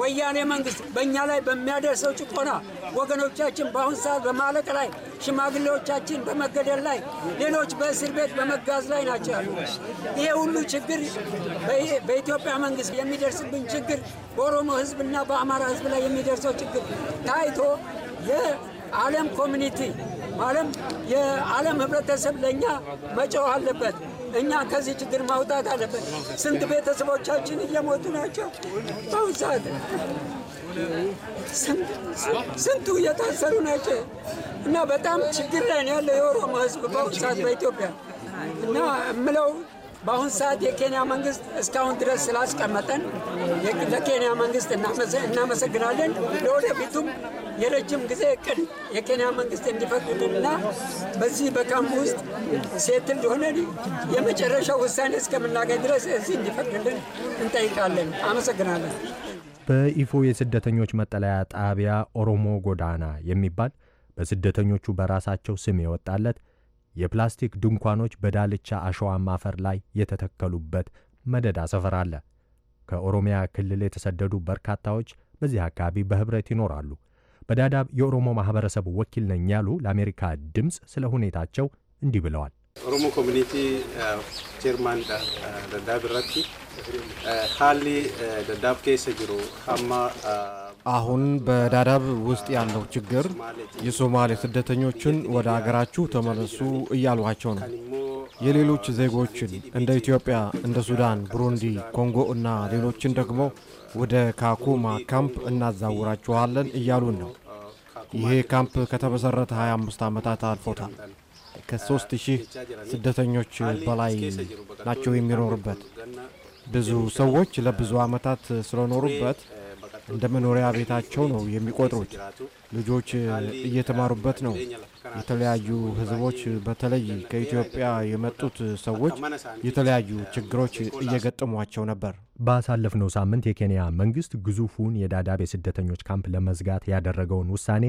[SPEAKER 10] ወያኔ መንግስት በእኛ ላይ በሚያደርሰው ጭቆና ወገኖቻችን በአሁን ሰዓት በማለቅ ላይ፣ ሽማግሌዎቻችን በመገደል ላይ፣ ሌሎች በእስር ቤት በመጋዝ ላይ ናቸው ያሉ። ይሄ ሁሉ ችግር በኢትዮጵያ መንግስት የሚደርስብን ችግር በኦሮሞ ህዝብና በአማራ ህዝብ ላይ የሚደርሰው ችግር ታይቶ የዓለም ኮሚኒቲ ማለም የዓለም ህብረተሰብ ለእኛ መጮህ አለበት። እኛ ከዚህ ችግር ማውጣት አለበት። ስንት ቤተሰቦቻችን እየሞቱ ናቸው። በአሁን ሰዓት ስንቱ እየታሰሩ ናቸው እና በጣም ችግር ላይ ያለው የኦሮሞ ሕዝብ በአሁን ሰዓት በኢትዮጵያ እና ምለው በአሁን ሰዓት የኬንያ መንግስት እስካሁን ድረስ ስላስቀመጠን ለኬንያ መንግስት እናመሰግናለን። ለወደፊቱም የረጅም ጊዜ እቅድ የኬንያ መንግስት እንዲፈቅድልንና በዚህ በካምፕ ውስጥ ሴት እንደሆነ የመጨረሻው ውሳኔ እስከምናገኝ ድረስ እዚህ እንዲፈቅድልን እንጠይቃለን። አመሰግናለን።
[SPEAKER 9] በኢፎ የስደተኞች መጠለያ ጣቢያ ኦሮሞ ጎዳና የሚባል በስደተኞቹ በራሳቸው ስም የወጣለት የፕላስቲክ ድንኳኖች በዳልቻ አሸዋማ አፈር ላይ የተተከሉበት መደዳ ሰፈር አለ። ከኦሮሚያ ክልል የተሰደዱ በርካታዎች በዚህ አካባቢ በኅብረት ይኖራሉ። በዳዳብ የኦሮሞ ማኅበረሰብ ወኪል ነኝ ያሉ ለአሜሪካ ድምፅ ስለ ሁኔታቸው እንዲህ ብለዋል። ኦሮሞ ኮሚኒቲ ጀርማን ደዳብ ረቲ ሀሊ ደዳብ ኬሰ ጅሩ ሀማ አሁን በዳዳብ ውስጥ ያለው ችግር የሶማሌ ስደተኞችን ወደ አገራችሁ ተመለሱ እያሏቸው ነው። የሌሎች ዜጎችን እንደ ኢትዮጵያ፣ እንደ ሱዳን፣ ብሩንዲ፣ ኮንጎ እና ሌሎችን ደግሞ ወደ ካኩማ ካምፕ እናዛውራችኋለን እያሉን ነው። ይሄ ካምፕ ከተመሠረተ 25 ዓመታት አልፎታል። ከሦስት ሺህ ስደተኞች በላይ ናቸው የሚኖሩበት። ብዙ ሰዎች ለብዙ ዓመታት ስለኖሩበት እንደ መኖሪያ ቤታቸው ነው የሚቆጥሩት። ልጆች እየተማሩበት ነው። የተለያዩ ህዝቦች፣ በተለይ ከኢትዮጵያ የመጡት ሰዎች የተለያዩ ችግሮች እየገጠሟቸው ነበር። ባሳለፍነው ሳምንት የኬንያ መንግስት ግዙፉን የዳዳብ የስደተኞች ካምፕ ለመዝጋት ያደረገውን ውሳኔ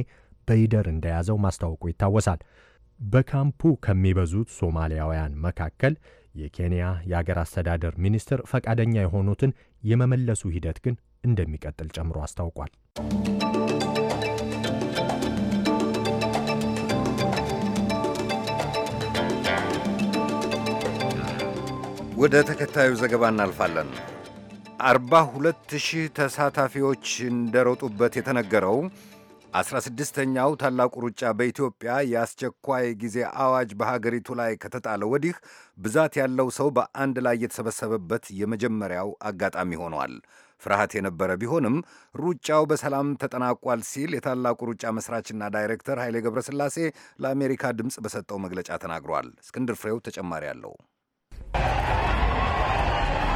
[SPEAKER 9] በይደር እንደያዘው ማስታወቁ ይታወሳል። በካምፑ ከሚበዙት ሶማሊያውያን መካከል የኬንያ የአገር አስተዳደር ሚኒስትር ፈቃደኛ የሆኑትን የመመለሱ ሂደት ግን እንደሚቀጥል ጨምሮ አስታውቋል።
[SPEAKER 1] ወደ ተከታዩ ዘገባ እናልፋለን። አርባ ሁለት ሺህ ተሳታፊዎች እንደሮጡበት የተነገረው አስራ ስድስተኛው ታላቁ ሩጫ በኢትዮጵያ የአስቸኳይ ጊዜ አዋጅ በሀገሪቱ ላይ ከተጣለ ወዲህ ብዛት ያለው ሰው በአንድ ላይ የተሰበሰበበት የመጀመሪያው አጋጣሚ ሆኗል። ፍርሃት የነበረ ቢሆንም ሩጫው በሰላም ተጠናቋል ሲል የታላቁ ሩጫ መስራችና ዳይሬክተር ኃይሌ ገብረስላሴ ለአሜሪካ ድምፅ በሰጠው መግለጫ ተናግሯል።
[SPEAKER 11] እስክንድር ፍሬው ተጨማሪ አለው።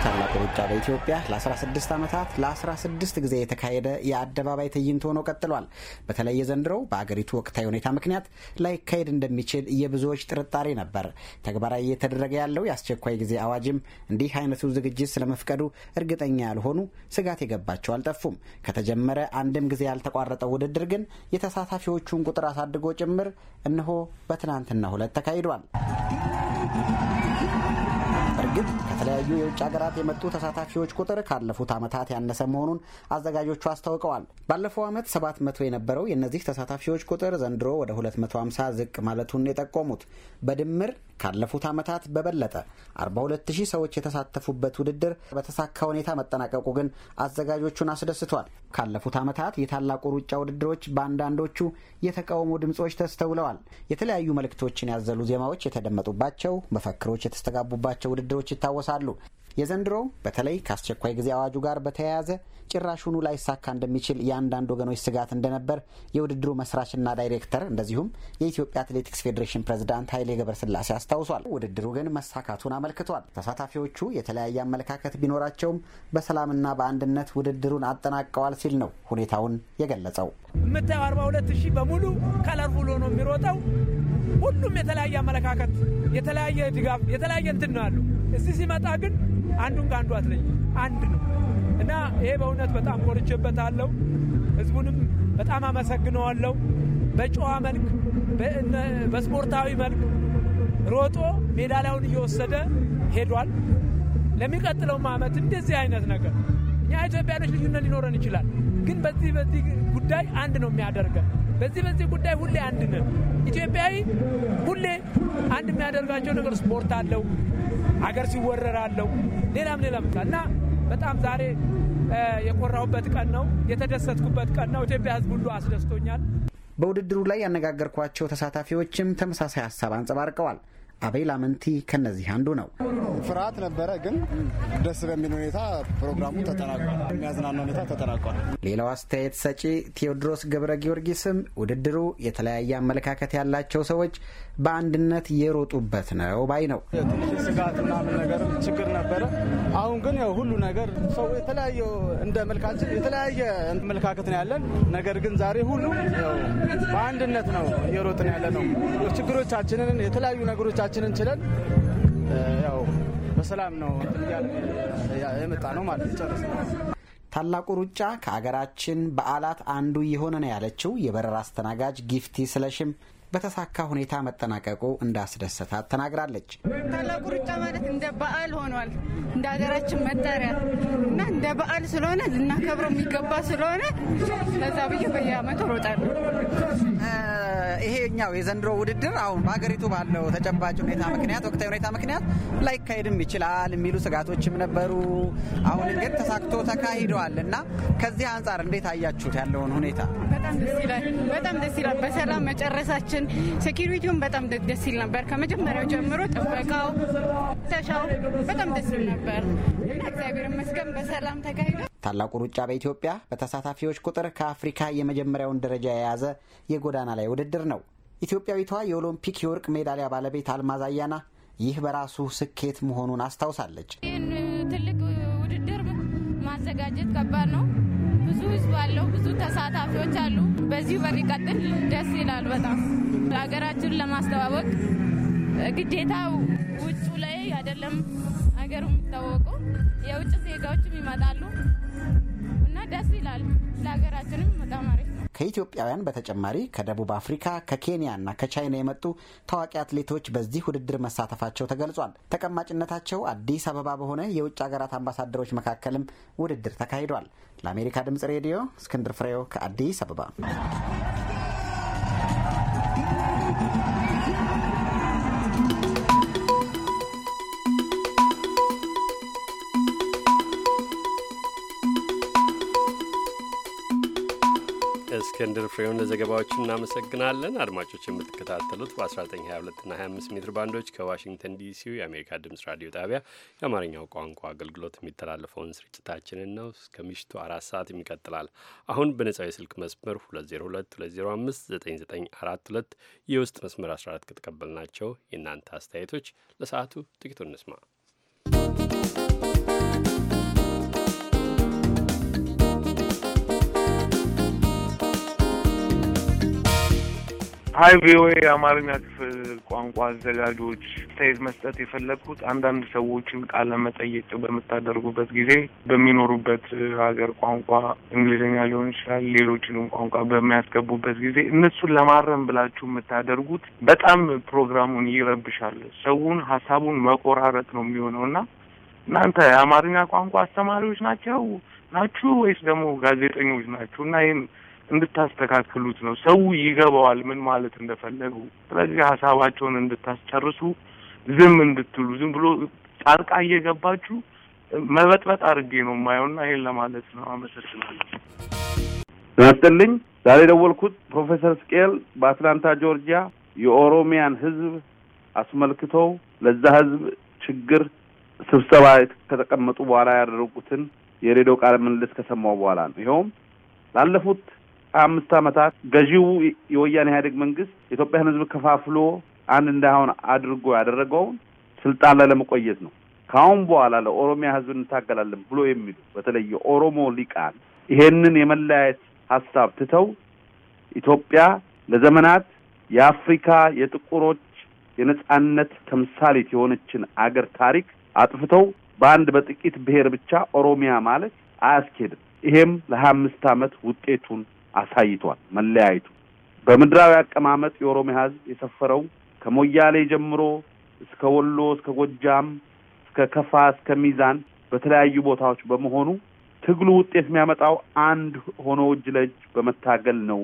[SPEAKER 11] ታላቅ ሩጫ በኢትዮጵያ ለ16 ዓመታት ለ16 ጊዜ የተካሄደ የአደባባይ ትዕይንት ሆኖ ቀጥሏል። በተለይ ዘንድሮው በአገሪቱ ወቅታዊ ሁኔታ ምክንያት ላይካሄድ እንደሚችል የብዙዎች ጥርጣሬ ነበር። ተግባራዊ እየተደረገ ያለው የአስቸኳይ ጊዜ አዋጅም እንዲህ አይነቱ ዝግጅት ስለመፍቀዱ እርግጠኛ ያልሆኑ ስጋት የገባቸው አልጠፉም። ከተጀመረ አንድም ጊዜ ያልተቋረጠው ውድድር ግን የተሳታፊዎቹን ቁጥር አሳድጎ ጭምር እነሆ በትናንትናው ዕለት ተካሂዷል። ግን ከተለያዩ የውጭ ሀገራት የመጡ ተሳታፊዎች ቁጥር ካለፉት ዓመታት ያነሰ መሆኑን አዘጋጆቹ አስታውቀዋል። ባለፈው ዓመት 700 የነበረው የእነዚህ ተሳታፊዎች ቁጥር ዘንድሮ ወደ 250 ዝቅ ማለቱን የጠቆሙት በድምር ካለፉት ዓመታት በበለጠ 42000 ሰዎች የተሳተፉበት ውድድር በተሳካ ሁኔታ መጠናቀቁ ግን አዘጋጆቹን አስደስቷል። ካለፉት ዓመታት የታላቁ ሩጫ ውድድሮች በአንዳንዶቹ የተቃውሞ ድምፆች ተስተውለዋል። የተለያዩ መልእክቶችን ያዘሉ ዜማዎች የተደመጡባቸው፣ መፈክሮች የተስተጋቡባቸው ውድድሮች ይታወሳሉ። የዘንድሮ በተለይ ከአስቸኳይ ጊዜ አዋጁ ጋር በተያያዘ ጭራሹኑ ላይሳካ እንደሚችል የአንዳንድ ወገኖች ስጋት እንደነበር የውድድሩ መስራችና ዳይሬክተር እንደዚሁም የኢትዮጵያ አትሌቲክስ ፌዴሬሽን ፕሬዝዳንት ኃይሌ ገብረስላሴ አስታውሷል። ውድድሩ ግን መሳካቱን አመልክቷል። ተሳታፊዎቹ የተለያየ አመለካከት ቢኖራቸውም በሰላምና በአንድነት ውድድሩን አጠናቀዋል ሲል ነው ሁኔታውን የገለጸው።
[SPEAKER 10] የምታየው 42 ሺህ በሙሉ ከለርፉል ሆኖ የሚሮጠው ሁሉም የተለያየ አመለካከት፣ የተለያየ ድጋፍ፣ የተለያየ እንትን ነው ያለው። እዚህ ሲመጣ ግን አንዱን ከአንዱ አትለይ አንድ ነው እና ይሄ በእውነት በጣም ኮርቼበታለሁ። ህዝቡንም በጣም አመሰግነዋለሁ። በጨዋ መልክ፣ በስፖርታዊ መልክ ሮጦ ሜዳሊያውን እየወሰደ ሄዷል። ለሚቀጥለውም ዓመት እንደዚህ አይነት ነገር እኛ ኢትዮጵያኖች ልዩነት ሊኖረን ይችላል፣ ግን በዚህ በዚህ ጉዳይ አንድ ነው የሚያደርገን በዚህ በዚህ ጉዳይ ሁሌ አንድ ነን። ኢትዮጵያዊ ሁሌ አንድ የሚያደርጋቸው ነገር ስፖርት አለው፣ አገር ሲወረር አለው፣ ሌላም ሌላም እና በጣም ዛሬ የኮራሁበት ቀን ነው፣ የተደሰትኩበት ቀን ነው። ኢትዮጵያ ሕዝብ ሁሉ
[SPEAKER 1] አስደስቶኛል።
[SPEAKER 11] በውድድሩ ላይ ያነጋገርኳቸው ተሳታፊዎችም ተመሳሳይ ሀሳብ አንጸባርቀዋል። አቤል አመንቲ ከነዚህ አንዱ ነው።
[SPEAKER 1] ፍርሃት ነበረ፣ ግን ደስ በሚል ሁኔታ
[SPEAKER 11] ፕሮግራሙ ተጠናቋል። የሚያዝናና ሁኔታ ተጠናቋል። ሌላው አስተያየት ሰጪ ቴዎድሮስ ገብረ ጊዮርጊስም ውድድሩ የተለያየ አመለካከት ያላቸው ሰዎች በአንድነት የሮጡበት ነው ባይ ነው። ትንሽ ስጋት ምናምን ነገር ችግር ነበረ። አሁን ግን ያው ሁሉ ነገር ሰው የተለያየ እንደ መልካችን የተለያየ አመለካከት ነው ያለን። ነገር ግን ዛሬ ሁሉ በአንድነት ነው እየሮጥን ያለ ነው ችግሮቻችንን የተለያዩ ነገሮቻችን ራሳችንን ችለን ያው በሰላም ነው የመጣ ነው ማለት ጨርስ ታላቁ ሩጫ ከአገራችን በዓላት አንዱ የሆነ ነው ያለችው የበረራ አስተናጋጅ ጊፍቲ ስለሽም በተሳካ ሁኔታ መጠናቀቁ እንዳስደሰታት ተናግራለች።
[SPEAKER 8] ታላቁ ሩጫ ማለት እንደ በዓል ሆኗል፣ እንደ ሀገራችን መጠሪያ እና እንደ በዓል ስለሆነ ልናከብረው የሚገባ ስለሆነ ለዛ ብዬ በየአመቱ ሮጣል።
[SPEAKER 11] ይሄኛው የዘንድሮ ውድድር አሁን በሀገሪቱ ባለው ተጨባጭ ሁኔታ ምክንያት ወቅታዊ ሁኔታ ምክንያት ላይካሄድም ይችላል የሚሉ ስጋቶችም ነበሩ። አሁን ግን ተሳክቶ ተካሂደዋል
[SPEAKER 8] እና ከዚህ አንጻር እንዴት
[SPEAKER 11] አያችሁት ያለውን ሁኔታ?
[SPEAKER 8] በጣም ደስ ይላል። በጣም ደስ ይላል። በሰላም መጨረሳችን ግን ሴኪሪቲውን በጣም ደስ ይል ነበር። ከመጀመሪያው ጀምሮ ጥበቃው፣ ተሻው በጣም ደስ ይል ነበር እና እግዚአብሔር ይመስገን በሰላም ተካሂዷል።
[SPEAKER 11] ታላቁ ሩጫ በኢትዮጵያ በተሳታፊዎች ቁጥር ከአፍሪካ የመጀመሪያውን ደረጃ የያዘ የጎዳና ላይ ውድድር ነው። ኢትዮጵያዊቷ የኦሎምፒክ የወርቅ ሜዳሊያ ባለቤት አልማዝ አያና ይህ በራሱ ስኬት መሆኑን አስታውሳለች።
[SPEAKER 8] ይህን ትልቅ ውድድር ማዘጋጀት ከባድ ነው ብዙ ህዝብ አለው፣ ብዙ ተሳታፊዎች አሉ። በዚሁ በሚቀጥል ደስ ይላል በጣም ሀገራችን ለማስተዋወቅ ግዴታ ውጩ ላይ አይደለም ሀገሩ የሚታወቀው የውጭ ዜጋዎችም ይመጣሉ። ደስ ይላል። ለሀገራችንም በጣም አሪፍ
[SPEAKER 11] ነው። ከኢትዮጵያውያን በተጨማሪ ከደቡብ አፍሪካ ከኬንያ እና ከቻይና የመጡ ታዋቂ አትሌቶች በዚህ ውድድር መሳተፋቸው ተገልጿል። ተቀማጭነታቸው አዲስ አበባ በሆነ የውጭ ሀገራት አምባሳደሮች መካከልም ውድድር ተካሂዷል። ለአሜሪካ ድምጽ ሬዲዮ እስክንድር ፍሬው ከአዲስ አበባ
[SPEAKER 4] እስከንድር ፍሬውን ለዘገባዎቹ እናመሰግናለን። አድማጮች የምትከታተሉት በ 1922 እና 25 ሜትር ባንዶች ከዋሽንግተን ዲሲው የአሜሪካ ድምፅ ራዲዮ ጣቢያ የአማርኛው ቋንቋ አገልግሎት የሚተላለፈውን ስርጭታችንን ነው። እስከ ምሽቱ አራት ሰዓት ይቀጥላል። አሁን በነጻው የስልክ መስመር 2022059942 የውስጥ መስመር 14 ከተቀበልናቸው የእናንተ አስተያየቶች ለሰዓቱ ጥቂቱን እንስማ።
[SPEAKER 12] ሀይ ቪኦኤ የአማርኛ ክፍል ቋንቋ አዘጋጆች አስተያየት መስጠት የፈለግኩት አንዳንድ ሰዎችን ቃለ መጠየቅ በምታደርጉበት ጊዜ በሚኖሩበት ሀገር ቋንቋ እንግሊዝኛ ሊሆን ይችላል፣ ሌሎችንም ቋንቋ በሚያስገቡበት ጊዜ እነሱን ለማረም ብላችሁ የምታደርጉት በጣም ፕሮግራሙን ይረብሻል። ሰውን ሀሳቡን መቆራረጥ ነው የሚሆነው እና እናንተ የአማርኛ ቋንቋ አስተማሪዎች ናቸው ናችሁ ወይስ ደግሞ ጋዜጠኞች ናችሁ? እና ይህን እንድታስተካክሉት ነው። ሰው ይገባዋል ምን ማለት እንደፈለጉ። ስለዚህ ሀሳባቸውን እንድታስጨርሱ ዝም እንድትሉ ዝም ብሎ ጣልቃ እየገባችሁ መበጥበጥ አድርጌ ነው የማየውና ይሄን ለማለት ነው። አመሰግናለሁ። ናስጥልኝ ዛሬ ደወልኩት ፕሮፌሰር ስቄል በአትላንታ ጆርጂያ የኦሮሚያን ህዝብ አስመልክተው ለዛ ህዝብ ችግር ስብሰባ ከተቀመጡ በኋላ ያደረጉትን የሬዲዮ ቃለ ምልልስ ከሰማው በኋላ ነው። ይኸውም ላለፉት አምስት ዓመታት ገዢው የወያኔ ኢህአዴግ መንግስት የኢትዮጵያን ህዝብ ከፋፍሎ አንድ እንዳይሆን አድርጎ ያደረገውን ስልጣን ላይ ለመቆየት ነው። ከአሁን በኋላ ለኦሮሚያ ህዝብ እንታገላለን ብሎ የሚሉ በተለይ የኦሮሞ ሊቃን ይሄንን የመለያየት ሀሳብ ትተው ኢትዮጵያ ለዘመናት የአፍሪካ የጥቁሮች የነጻነት ተምሳሌት የሆነችን አገር ታሪክ አጥፍተው በአንድ በጥቂት ብሔር ብቻ ኦሮሚያ ማለት አያስኬድም። ይሄም ለሀያ አምስት ዓመት ውጤቱን አሳይቷል። መለያየቱ በምድራዊ አቀማመጥ የኦሮሚያ ህዝብ የሰፈረው ከሞያሌ ጀምሮ እስከ ወሎ፣ እስከ ጎጃም፣ እስከ ከፋ፣ እስከ ሚዛን በተለያዩ ቦታዎች በመሆኑ ትግሉ ውጤት የሚያመጣው አንድ ሆኖ እጅ ለእጅ በመታገል ነው።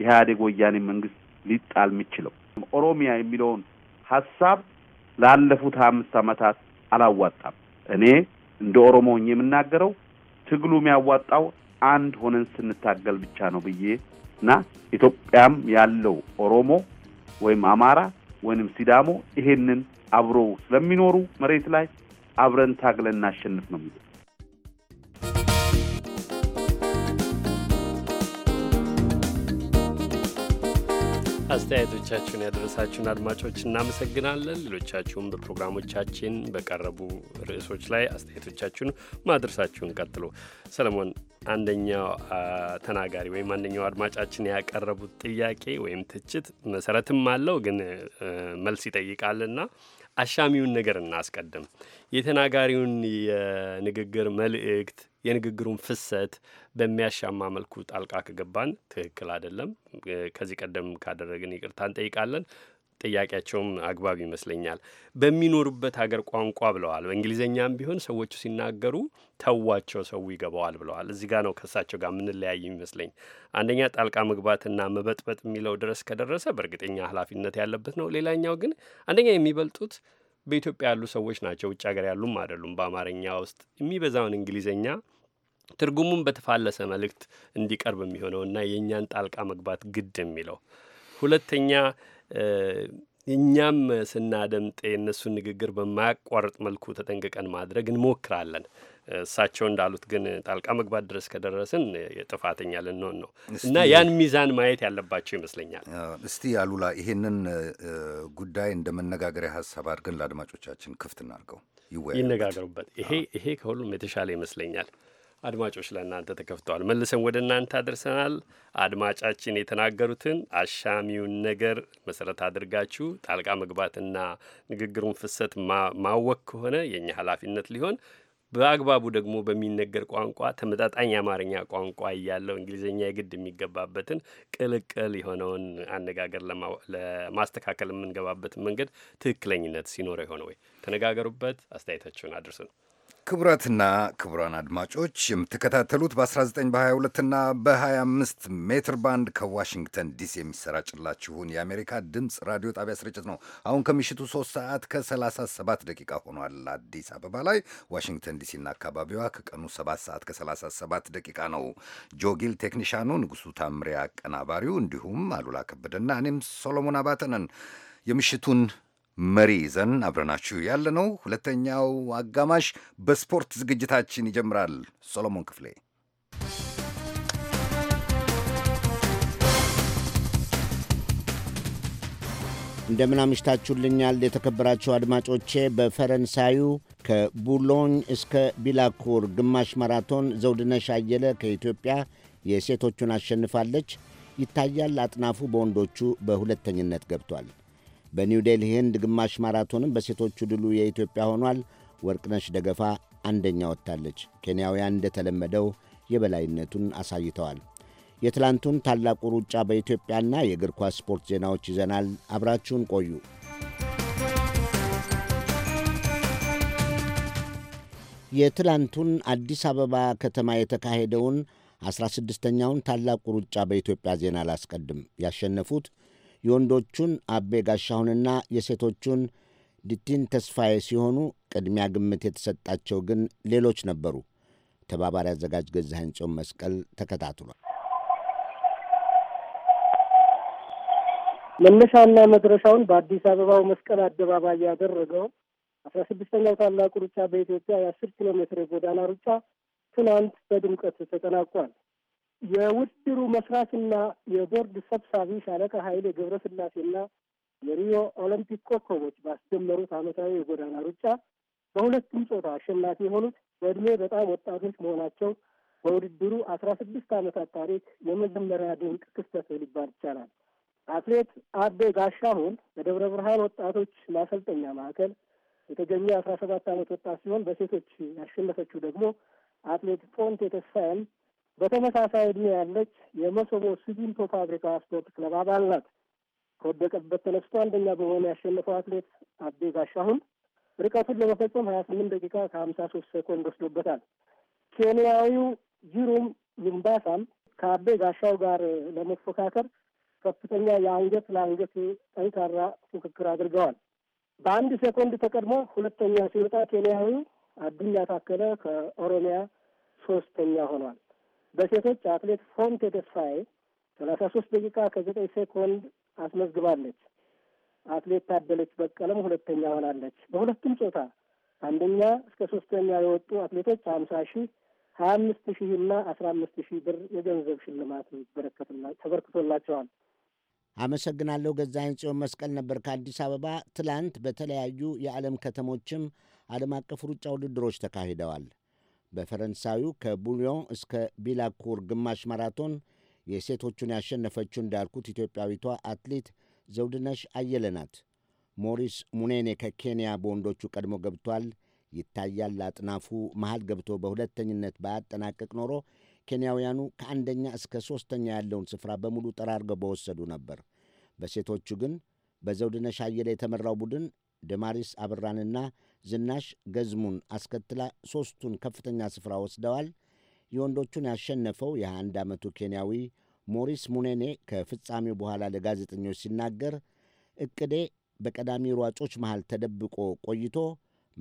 [SPEAKER 12] የኢህአዴግ ወያኔ መንግስት ሊጣል የሚችለው ኦሮሚያ የሚለውን ሀሳብ ላለፉት ሀያ አምስት ዓመታት አላዋጣም። እኔ እንደ ኦሮሞ ሆኜ የምናገረው ትግሉ የሚያዋጣው አንድ ሆነን ስንታገል ብቻ ነው ብዬ እና ኢትዮጵያም ያለው ኦሮሞ ወይም አማራ ወይም ሲዳሞ ይሄንን አብረው ስለሚኖሩ መሬት ላይ አብረን ታግለን እናሸንፍ ነው የሚለው።
[SPEAKER 4] አስተያየቶቻችሁን ያደረሳችሁን አድማጮች እናመሰግናለን። ሌሎቻችሁም በፕሮግራሞቻችን በቀረቡ ርዕሶች ላይ አስተያየቶቻችሁን ማድረሳችሁን ቀጥሎ ሰለሞን፣ አንደኛው ተናጋሪ ወይም አንደኛው አድማጫችን ያቀረቡት ጥያቄ ወይም ትችት መሰረትም አለው ግን መልስ ይጠይቃልና አሻሚውን ነገር እናስቀድም። የተናጋሪውን የንግግር መልእክት የንግግሩን ፍሰት በሚያሻማ መልኩ ጣልቃ ከገባን ትክክል አይደለም። ከዚህ ቀደም ካደረግን ይቅርታ እንጠይቃለን። ጥያቄያቸውም አግባብ ይመስለኛል። በሚኖሩበት ሀገር ቋንቋ ብለዋል። በእንግሊዝኛም ቢሆን ሰዎቹ ሲናገሩ ተዋቸው ሰው ይገባዋል ብለዋል። እዚህ ጋር ነው ከእሳቸው ጋር ምንለያይ ይመስለኝ አንደኛ ጣልቃ መግባትና መበጥበጥ የሚለው ድረስ ከደረሰ በእርግጠኛ ኃላፊነት ያለበት ነው። ሌላኛው ግን አንደኛ የሚበልጡት በኢትዮጵያ ያሉ ሰዎች ናቸው። ውጭ ሀገር ያሉም አይደሉም። በአማርኛ ውስጥ የሚበዛውን እንግሊዝኛ ትርጉሙን በተፋለሰ መልእክት እንዲቀርብ የሚሆነው እና የእኛን ጣልቃ መግባት ግድ የሚለው ሁለተኛ እኛም ስናደምጥ የእነሱን ንግግር በማያቋርጥ መልኩ ተጠንቅቀን ማድረግ እንሞክራለን። እሳቸው እንዳሉት ግን ጣልቃ መግባት ድረስ ከደረስን የጥፋተኛ ልንሆን ነው እና ያን ሚዛን ማየት ያለባቸው ይመስለኛል።
[SPEAKER 1] እስቲ አሉላ ይሄንን ጉዳይ እንደ መነጋገሪያ ሀሳብ
[SPEAKER 4] አድርገን ለአድማጮቻችን ክፍት እናድርገው፣
[SPEAKER 1] ይነጋገሩበት።
[SPEAKER 4] ይሄ ይሄ ከሁሉም የተሻለ ይመስለኛል። አድማጮች ለእናንተ ተከፍተዋል። መልሰን ወደ እናንተ አድርሰናል። አድማጫችን የተናገሩትን አሻሚውን ነገር መሰረት አድርጋችሁ ጣልቃ መግባትና ንግግሩን ፍሰት ማወቅ ከሆነ የእኛ ኃላፊነት ሊሆን በአግባቡ ደግሞ በሚነገር ቋንቋ ተመጣጣኝ የአማርኛ ቋንቋ እያለው እንግሊዝኛ የግድ የሚገባበትን ቅልቅል የሆነውን አነጋገር ለማስተካከል የምንገባበትን መንገድ ትክክለኝነት ሲኖረ የሆነ ወይ ተነጋገሩበት። አስተያየታችሁን አድርሱ ነው።
[SPEAKER 1] ክቡራትና ክቡራን አድማጮች የምትከታተሉት በ19 በ22ና በ25 ሜትር ባንድ ከዋሽንግተን ዲሲ የሚሰራጭላችሁን የአሜሪካ ድምፅ ራዲዮ ጣቢያ ስርጭት ነው። አሁን ከምሽቱ 3 ሰዓት ከ37 ደቂቃ ሆኗል አዲስ አበባ ላይ። ዋሽንግተን ዲሲና አካባቢዋ ከቀኑ 7 ሰዓት ከ37 ደቂቃ ነው። ጆጊል ቴክኒሻኑ፣ ንጉሱ ታምሪያ አቀናባሪው፣ እንዲሁም አሉላ ከበደና እኔም ሶሎሞን አባተነን የምሽቱን መሪ ይዘን አብረናችሁ ያለነው። ሁለተኛው አጋማሽ በስፖርት ዝግጅታችን ይጀምራል። ሶሎሞን ክፍሌ
[SPEAKER 6] እንደምን አምሽታችሁልኛል የተከበራችሁ አድማጮቼ። በፈረንሳዩ ከቡሎኝ እስከ ቢላኩር ግማሽ ማራቶን ዘውድነሽ አየለ ከኢትዮጵያ የሴቶቹን አሸንፋለች። ይታያል አጥናፉ በወንዶቹ በሁለተኝነት ገብቷል። በኒው ዴልሂ ህንድ ግማሽ ማራቶንም በሴቶቹ ድሉ የኢትዮጵያ ሆኗል። ወርቅነሽ ደገፋ አንደኛ ወጥታለች። ኬንያውያን እንደተለመደው የበላይነቱን አሳይተዋል። የትላንቱን ታላቁ ሩጫ በኢትዮጵያና የእግር ኳስ ስፖርት ዜናዎች ይዘናል። አብራችሁን ቆዩ። የትላንቱን አዲስ አበባ ከተማ የተካሄደውን 16ኛውን ታላቁ ሩጫ በኢትዮጵያ ዜና ላስቀድም። ያሸነፉት የወንዶቹን አቤ ጋሻሁንና የሴቶቹን ድቲን ተስፋዬ ሲሆኑ ቅድሚያ ግምት የተሰጣቸው ግን ሌሎች ነበሩ። ተባባሪ አዘጋጅ ገዛኸኝ ጾም መስቀል ተከታትሏል።
[SPEAKER 13] መነሻና መድረሻውን በአዲስ አበባው መስቀል አደባባይ ያደረገው አስራ ስድስተኛው ታላቁ ሩጫ በኢትዮጵያ የአስር ኪሎ ሜትር የጎዳና ሩጫ ትናንት በድምቀት ተጠናቋል። የውድሩ መስራችና የቦርድ ሰብሳቢ ሻለቃ ኃይሌ ገብረስላሴና የሪዮ ኦሎምፒክ ኮከቦች ባስጀመሩት ዓመታዊ የጎዳና ሩጫ በሁለቱም ጾታ አሸናፊ የሆኑት በእድሜ በጣም ወጣቶች መሆናቸው በውድድሩ አስራ ስድስት ዓመታት ታሪክ የመጀመሪያ ድንቅ ክስተት ሊባል ይቻላል። አትሌት አቤ ጋሻሁን በደብረ ብርሃን ወጣቶች ማሰልጠኛ ማዕከል የተገኘ አስራ ሰባት ዓመት ወጣት ሲሆን በሴቶች ያሸነፈችው ደግሞ አትሌት ፎንቴ ተስፋዬም በተመሳሳይ እድሜ ያለች የመሶቦ ሲሚንቶ ፋብሪካ ስፖርት ክለብ አባል ናት። ከወደቀበት ተነስቶ አንደኛ በመሆን ያሸነፈው አትሌት አቤ ጋሻሁን ርቀቱን ለመፈጸም ሀያ ስምንት ደቂቃ ከሀምሳ ሶስት ሴኮንድ ወስዶበታል። ኬንያዊው ጅሩም ሉምባሳም ከአቤ ጋሻው ጋር ለመፎካከር ከፍተኛ የአንገት ለአንገት ጠንካራ ፉክክር አድርገዋል። በአንድ ሴኮንድ ተቀድሞ ሁለተኛ ሲወጣ ኬንያዊው አዱኛ ታከለ ከኦሮሚያ ሶስተኛ ሆኗል። በሴቶች አትሌት ፎንቴ ተስፋዬ ሰላሳ ሶስት ደቂቃ ከዘጠኝ ሴኮንድ አስመዝግባለች። አትሌት ታደለች በቀለም ሁለተኛ ሆናለች። በሁለቱም ጾታ አንደኛ እስከ ሶስተኛ የወጡ አትሌቶች ሀምሳ ሺህ ሀያ አምስት ሺህ እና አስራ አምስት ሺህ ብር የገንዘብ ሽልማት ተበርክቶላቸዋል።
[SPEAKER 6] አመሰግናለሁ። ገዛኸኝ ጽዮን መስቀል ነበር ከአዲስ አበባ። ትላንት በተለያዩ የዓለም ከተሞችም ዓለም አቀፍ ሩጫ ውድድሮች ተካሂደዋል። በፈረንሳዩ ከቡሊዮን እስከ ቢላኩር ግማሽ ማራቶን የሴቶቹን ያሸነፈችው እንዳልኩት ኢትዮጵያዊቷ አትሌት ዘውድነሽ አየለ ናት። ሞሪስ ሙኔኔ ከኬንያ በወንዶቹ ቀድሞ ገብቷል። ይታያል አጥናፉ መሃል ገብቶ በሁለተኝነት ባያጠናቅቅ ኖሮ ኬንያውያኑ ከአንደኛ እስከ ሦስተኛ ያለውን ስፍራ በሙሉ ጠራርገው በወሰዱ ነበር። በሴቶቹ ግን በዘውድነሽ አየለ የተመራው ቡድን ደማሪስ አብራንና ዝናሽ ገዝሙን አስከትላ ሦስቱን ከፍተኛ ስፍራ ወስደዋል። የወንዶቹን ያሸነፈው የ21 ዓመቱ ኬንያዊ ሞሪስ ሙኔኔ ከፍጻሜው በኋላ ለጋዜጠኞች ሲናገር እቅዴ በቀዳሚ ሯጮች መሃል ተደብቆ ቆይቶ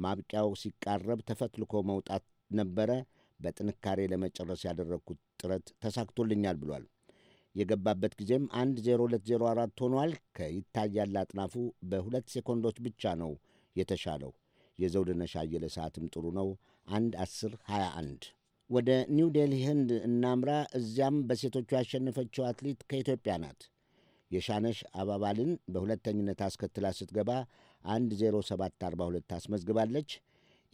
[SPEAKER 6] ማብቂያው ሲቃረብ ተፈትልኮ መውጣት ነበረ። በጥንካሬ ለመጨረስ ያደረግኩት ጥረት ተሳክቶልኛል ብሏል። የገባበት ጊዜም 10204 ሆኗል። ከይታያል አጥናፉ በሁለት ሴኮንዶች ብቻ ነው የተሻለው። የዘውድነሽ አየለ ሰዓትም ጥሩ ነው። 1 10 21 ወደ ኒው ዴልሂ ህንድ እናምራ። እዚያም በሴቶቹ ያሸነፈችው አትሌት ከኢትዮጵያ ናት። የሻነሽ አባባልን በሁለተኝነት አስከትላ ስትገባ 1 0742 አስመዝግባለች።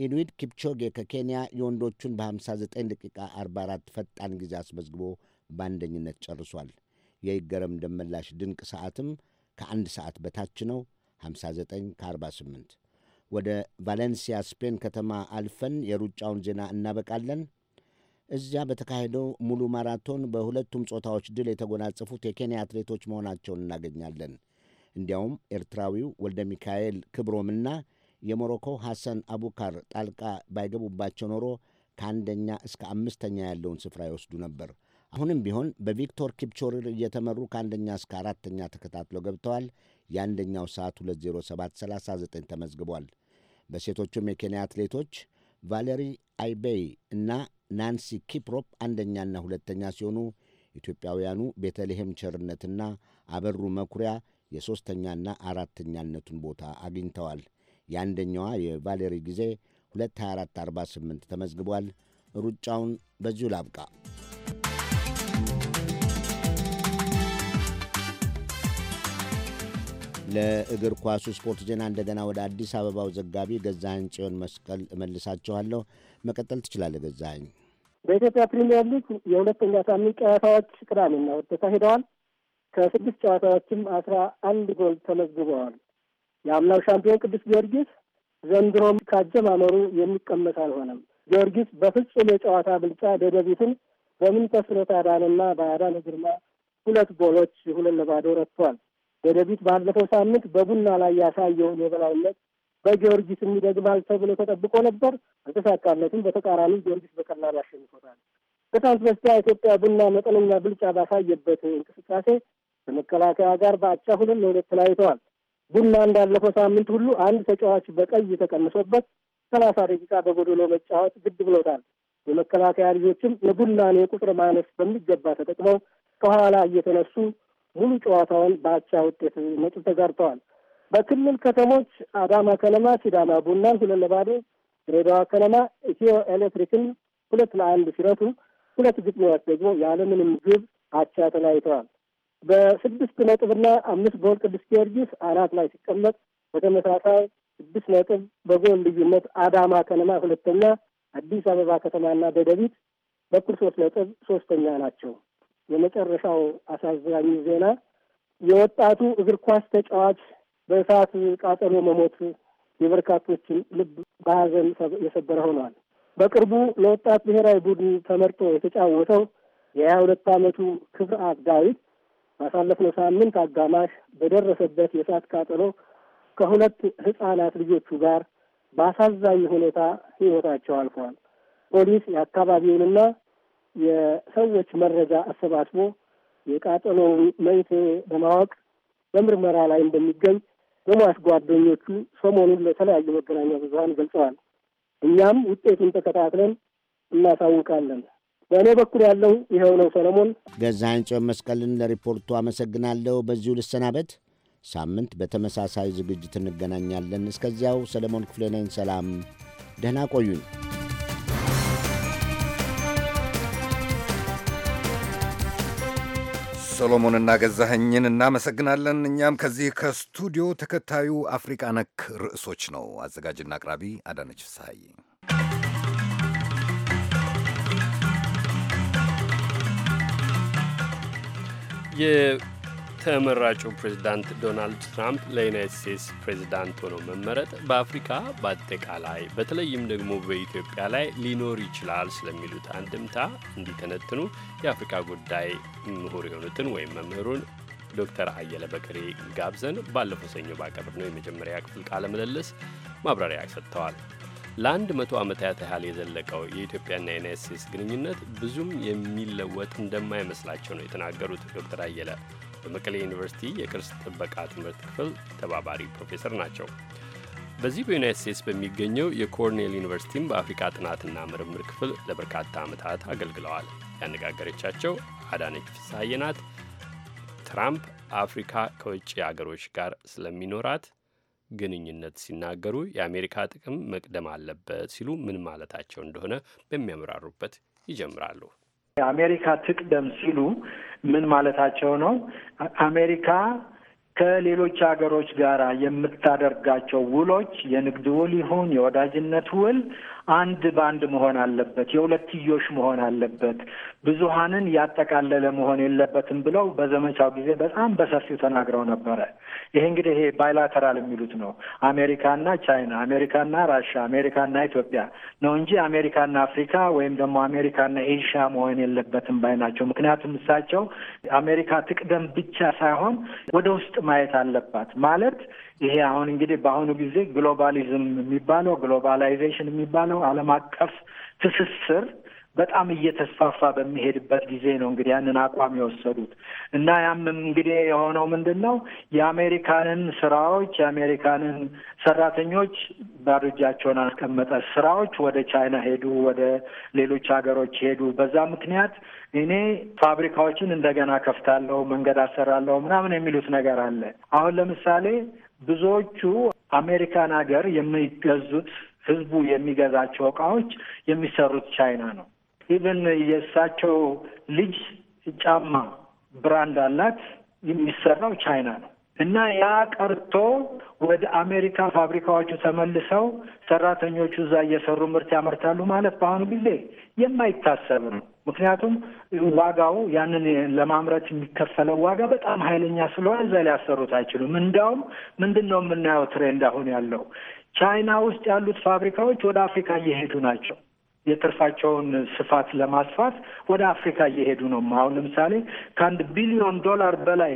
[SPEAKER 6] ኢኑዊድ ኪፕቾጌ ከኬንያ የወንዶቹን በ59 ደቂቃ 44 ፈጣን ጊዜ አስመዝግቦ በአንደኝነት ጨርሷል። የይገረም ደመላሽ ድንቅ ሰዓትም ከአንድ ሰዓት በታች ነው 59 ከ48 ወደ ቫሌንሲያ ስፔን ከተማ አልፈን የሩጫውን ዜና እናበቃለን። እዚያ በተካሄደው ሙሉ ማራቶን በሁለቱም ጾታዎች ድል የተጎናጸፉት የኬንያ አትሌቶች መሆናቸውን እናገኛለን። እንዲያውም ኤርትራዊው ወልደ ሚካኤል ክብሮምና የሞሮኮው ሐሰን አቡካር ጣልቃ ባይገቡባቸው ኖሮ ከአንደኛ እስከ አምስተኛ ያለውን ስፍራ ይወስዱ ነበር። አሁንም ቢሆን በቪክቶር ኪፕቾር እየተመሩ ከአንደኛ እስከ አራተኛ ተከታትለው ገብተዋል። የአንደኛው ሰዓት 20739 ተመዝግቧል። በሴቶቹም የኬንያ አትሌቶች ቫሌሪ አይቤይ እና ናንሲ ኪፕሮፕ አንደኛና ሁለተኛ ሲሆኑ ኢትዮጵያውያኑ ቤተልሔም ቸርነትና አበሩ መኩሪያ የሦስተኛና አራተኛነቱን ቦታ አግኝተዋል። የአንደኛዋ የቫሌሪ ጊዜ 22448 ተመዝግቧል። ሩጫውን በዚሁ ላብቃ። ለእግር ኳሱ ስፖርት ዜና እንደገና ወደ አዲስ አበባው ዘጋቢ ገዛኸኝ ጽዮን መስቀል እመልሳችኋለሁ። መቀጠል ትችላለህ ገዛኸኝ። በኢትዮጵያ ፕሪሚየር ሊግ የሁለተኛ ሳምንት ጨዋታዎች ቅዳሜና እሁድ ተካሂደዋል።
[SPEAKER 13] ከስድስት ጨዋታዎችም አስራ አንድ ጎል ተመዝግበዋል። የአምናው ሻምፒዮን ቅዱስ ጊዮርጊስ ዘንድሮም ካጀማመሩ የሚቀመስ አልሆነም። ጊዮርጊስ በፍጹም የጨዋታ ብልጫ ደደቢትን በምንተስኖት አዳንና በአዳነ ግርማ ሁለት ጎሎች ሁለት ለባዶ ረትቷል። ደደቢት ባለፈው ሳምንት በቡና ላይ ያሳየውን የበላይነት በጊዮርጊስ ይደግማል ተብሎ ተጠብቆ ነበር። አልተሳካለትም። በተቃራኒ ጊዮርጊስ በቀላሉ አሸንፎታል። ከትናንት በስቲያ ኢትዮጵያ ቡና መጠነኛ ብልጫ ባሳየበት እንቅስቃሴ ከመከላከያ ጋር በአቻ ሁለት ለሁለት ተለያይተዋል። ቡና እንዳለፈው ሳምንት ሁሉ አንድ ተጫዋች በቀይ ተቀንሶበት ሰላሳ ደቂቃ በጎዶሎ መጫወት ግድ ብሎታል። የመከላከያ ልጆችም የቡናን የቁጥር ማነስ በሚገባ ተጠቅመው ከኋላ እየተነሱ ሙሉ ጨዋታውን በአቻ ውጤት መጡ ተጋርተዋል። በክልል ከተሞች አዳማ ከነማ ሲዳማ ቡናን ሁለት ለባዶ፣ ድሬዳዋ ከነማ ኢትዮ ኤሌክትሪክን ሁለት ለአንድ ሲረቱ ሁለት ግጥሚያዎች ደግሞ ያለምንም ግብ አቻ ተለያይተዋል። በስድስት ነጥብና አምስት ጎል ቅዱስ ጊዮርጊስ አራት ላይ ሲቀመጥ በተመሳሳይ ስድስት ነጥብ በጎል ልዩነት አዳማ ከነማ ሁለተኛ፣ አዲስ አበባ ከተማና ደደቢት በኩል ሶስት ነጥብ ሶስተኛ ናቸው። የመጨረሻው አሳዛኝ ዜና የወጣቱ እግር ኳስ ተጫዋች በእሳት ቃጠሎ መሞት የበርካቶችን ልብ በሀዘን የሰበረ ሆኗል። በቅርቡ ለወጣት ብሔራዊ ቡድን ተመርጦ የተጫወተው የሀያ ሁለት ዓመቱ ክብርአት ዳዊት ባሳለፍነው ሳምንት አጋማሽ በደረሰበት የእሳት ቃጠሎ ከሁለት ሕፃናት ልጆቹ ጋር በአሳዛኝ ሁኔታ ሕይወታቸው አልፏል። ፖሊስ የአካባቢውንና የሰዎች መረጃ አሰባስቦ የቃጠሎ መንስኤ በማወቅ በምርመራ ላይ እንደሚገኝ በሟች ጓደኞቹ ሰሞኑን ለተለያዩ መገናኛ ብዙኃን ገልጸዋል። እኛም ውጤቱን ተከታትለን እናሳውቃለን። በእኔ በኩል ያለው ይኸው ነው። ሰለሞን
[SPEAKER 6] ገዛኸኝ ጽዮን መስቀልን ለሪፖርቱ አመሰግናለሁ። በዚሁ ልሰናበት። ሳምንት በተመሳሳይ ዝግጅት እንገናኛለን። እስከዚያው ሰለሞን ክፍሌ ነኝ። ሰላም፣ ደህና ቆዩኝ። ሰሎሞንና ገዛኸኝን
[SPEAKER 1] እናመሰግናለን። እኛም ከዚህ ከስቱዲዮ ተከታዩ አፍሪቃ ነክ ርዕሶች ነው። አዘጋጅና አቅራቢ አዳነች ፍስሐዬ።
[SPEAKER 4] ተመራጩ ፕሬዚዳንት ዶናልድ ትራምፕ ለዩናይት ስቴትስ ፕሬዚዳንት ሆኖ መመረጥ በአፍሪካ በአጠቃላይ በተለይም ደግሞ በኢትዮጵያ ላይ ሊኖር ይችላል ስለሚሉት አንድምታ እንዲተነትኑ የአፍሪካ ጉዳይ ምሁር የሆኑትን ወይም መምህሩን ዶክተር አየለ በቅሬ ጋብዘን ባለፈው ሰኞ ነው የመጀመሪያ ክፍል ቃለ ምልልስ ማብራሪያ ሰጥተዋል። ለአንድ መቶ ዓመታት ያህል የዘለቀው የኢትዮጵያና የዩናይት ስቴትስ ግንኙነት ብዙም የሚለወጥ እንደማይመስላቸው ነው የተናገሩት ዶክተር አየለ በመቀሌ ዩኒቨርሲቲ የቅርስ ጥበቃ ትምህርት ክፍል ተባባሪ ፕሮፌሰር ናቸው። በዚህ በዩናይት ስቴትስ በሚገኘው የኮርኔል ዩኒቨርሲቲም በአፍሪካ ጥናትና ምርምር ክፍል ለበርካታ ዓመታት አገልግለዋል። ያነጋገረቻቸው አዳነች ፍስሐዬ ናት። ትራምፕ አፍሪካ ከውጭ አገሮች ጋር ስለሚኖራት ግንኙነት ሲናገሩ የአሜሪካ ጥቅም መቅደም አለበት ሲሉ ምን ማለታቸው እንደሆነ በሚያምራሩበት ይጀምራሉ።
[SPEAKER 2] አሜሪካ ትቅደም ሲሉ ምን ማለታቸው ነው? አሜሪካ ከሌሎች ሀገሮች ጋር የምታደርጋቸው ውሎች የንግድ ውል ይሁን የወዳጅነት ውል አንድ በአንድ መሆን አለበት፣ የሁለትዮሽ መሆን አለበት፣ ብዙሀንን ያጠቃለለ መሆን የለበትም ብለው በዘመቻው ጊዜ በጣም በሰፊው ተናግረው ነበረ። ይሄ እንግዲህ ይሄ ባይላተራል የሚሉት ነው። አሜሪካና ቻይና፣ አሜሪካና ራሻ፣ አሜሪካና ኢትዮጵያ ነው እንጂ አሜሪካና አፍሪካ ወይም ደግሞ አሜሪካና ኤሽያ መሆን የለበትም ባይ ናቸው። ምክንያቱም እሳቸው አሜሪካ ትቅደም ብቻ ሳይሆን ወደ ውስጥ ማየት አለባት ማለት ይሄ አሁን እንግዲህ በአሁኑ ጊዜ ግሎባሊዝም የሚባለው ግሎባላይዜሽን የሚባለው ነው ዓለም አቀፍ ትስስር በጣም እየተስፋፋ በሚሄድበት ጊዜ ነው እንግዲህ ያንን አቋም የወሰዱት እና ያም እንግዲህ የሆነው ምንድን ነው የአሜሪካንን ስራዎች የአሜሪካንን ሰራተኞች ባዶ እጃቸውን አስቀመጠ። ስራዎች ወደ ቻይና ሄዱ፣ ወደ ሌሎች ሀገሮች ሄዱ። በዛ ምክንያት እኔ ፋብሪካዎችን እንደገና ከፍታለሁ፣ መንገድ አሰራለሁ ምናምን የሚሉት ነገር አለ። አሁን ለምሳሌ ብዙዎቹ አሜሪካን ሀገር የሚገዙት ህዝቡ የሚገዛቸው እቃዎች የሚሰሩት ቻይና ነው። ኢቨን የእሳቸው ልጅ ጫማ ብራንድ አላት የሚሰራው ቻይና ነው እና ያ ቀርቶ ወደ አሜሪካ ፋብሪካዎቹ ተመልሰው ሰራተኞቹ እዛ እየሰሩ ምርት ያመርታሉ ማለት በአሁኑ ጊዜ የማይታሰብ ነው። ምክንያቱም ዋጋው ያንን ለማምረት የሚከፈለው ዋጋ በጣም ኃይለኛ ስለሆነ እዛ ሊያሰሩት አይችሉም። እንዲያውም ምንድን ነው የምናየው ትሬንድ አሁን ያለው ቻይና ውስጥ ያሉት ፋብሪካዎች ወደ አፍሪካ እየሄዱ ናቸው። የትርፋቸውን ስፋት ለማስፋት ወደ አፍሪካ እየሄዱ ነው። አሁን ለምሳሌ ከአንድ ቢሊዮን ዶላር በላይ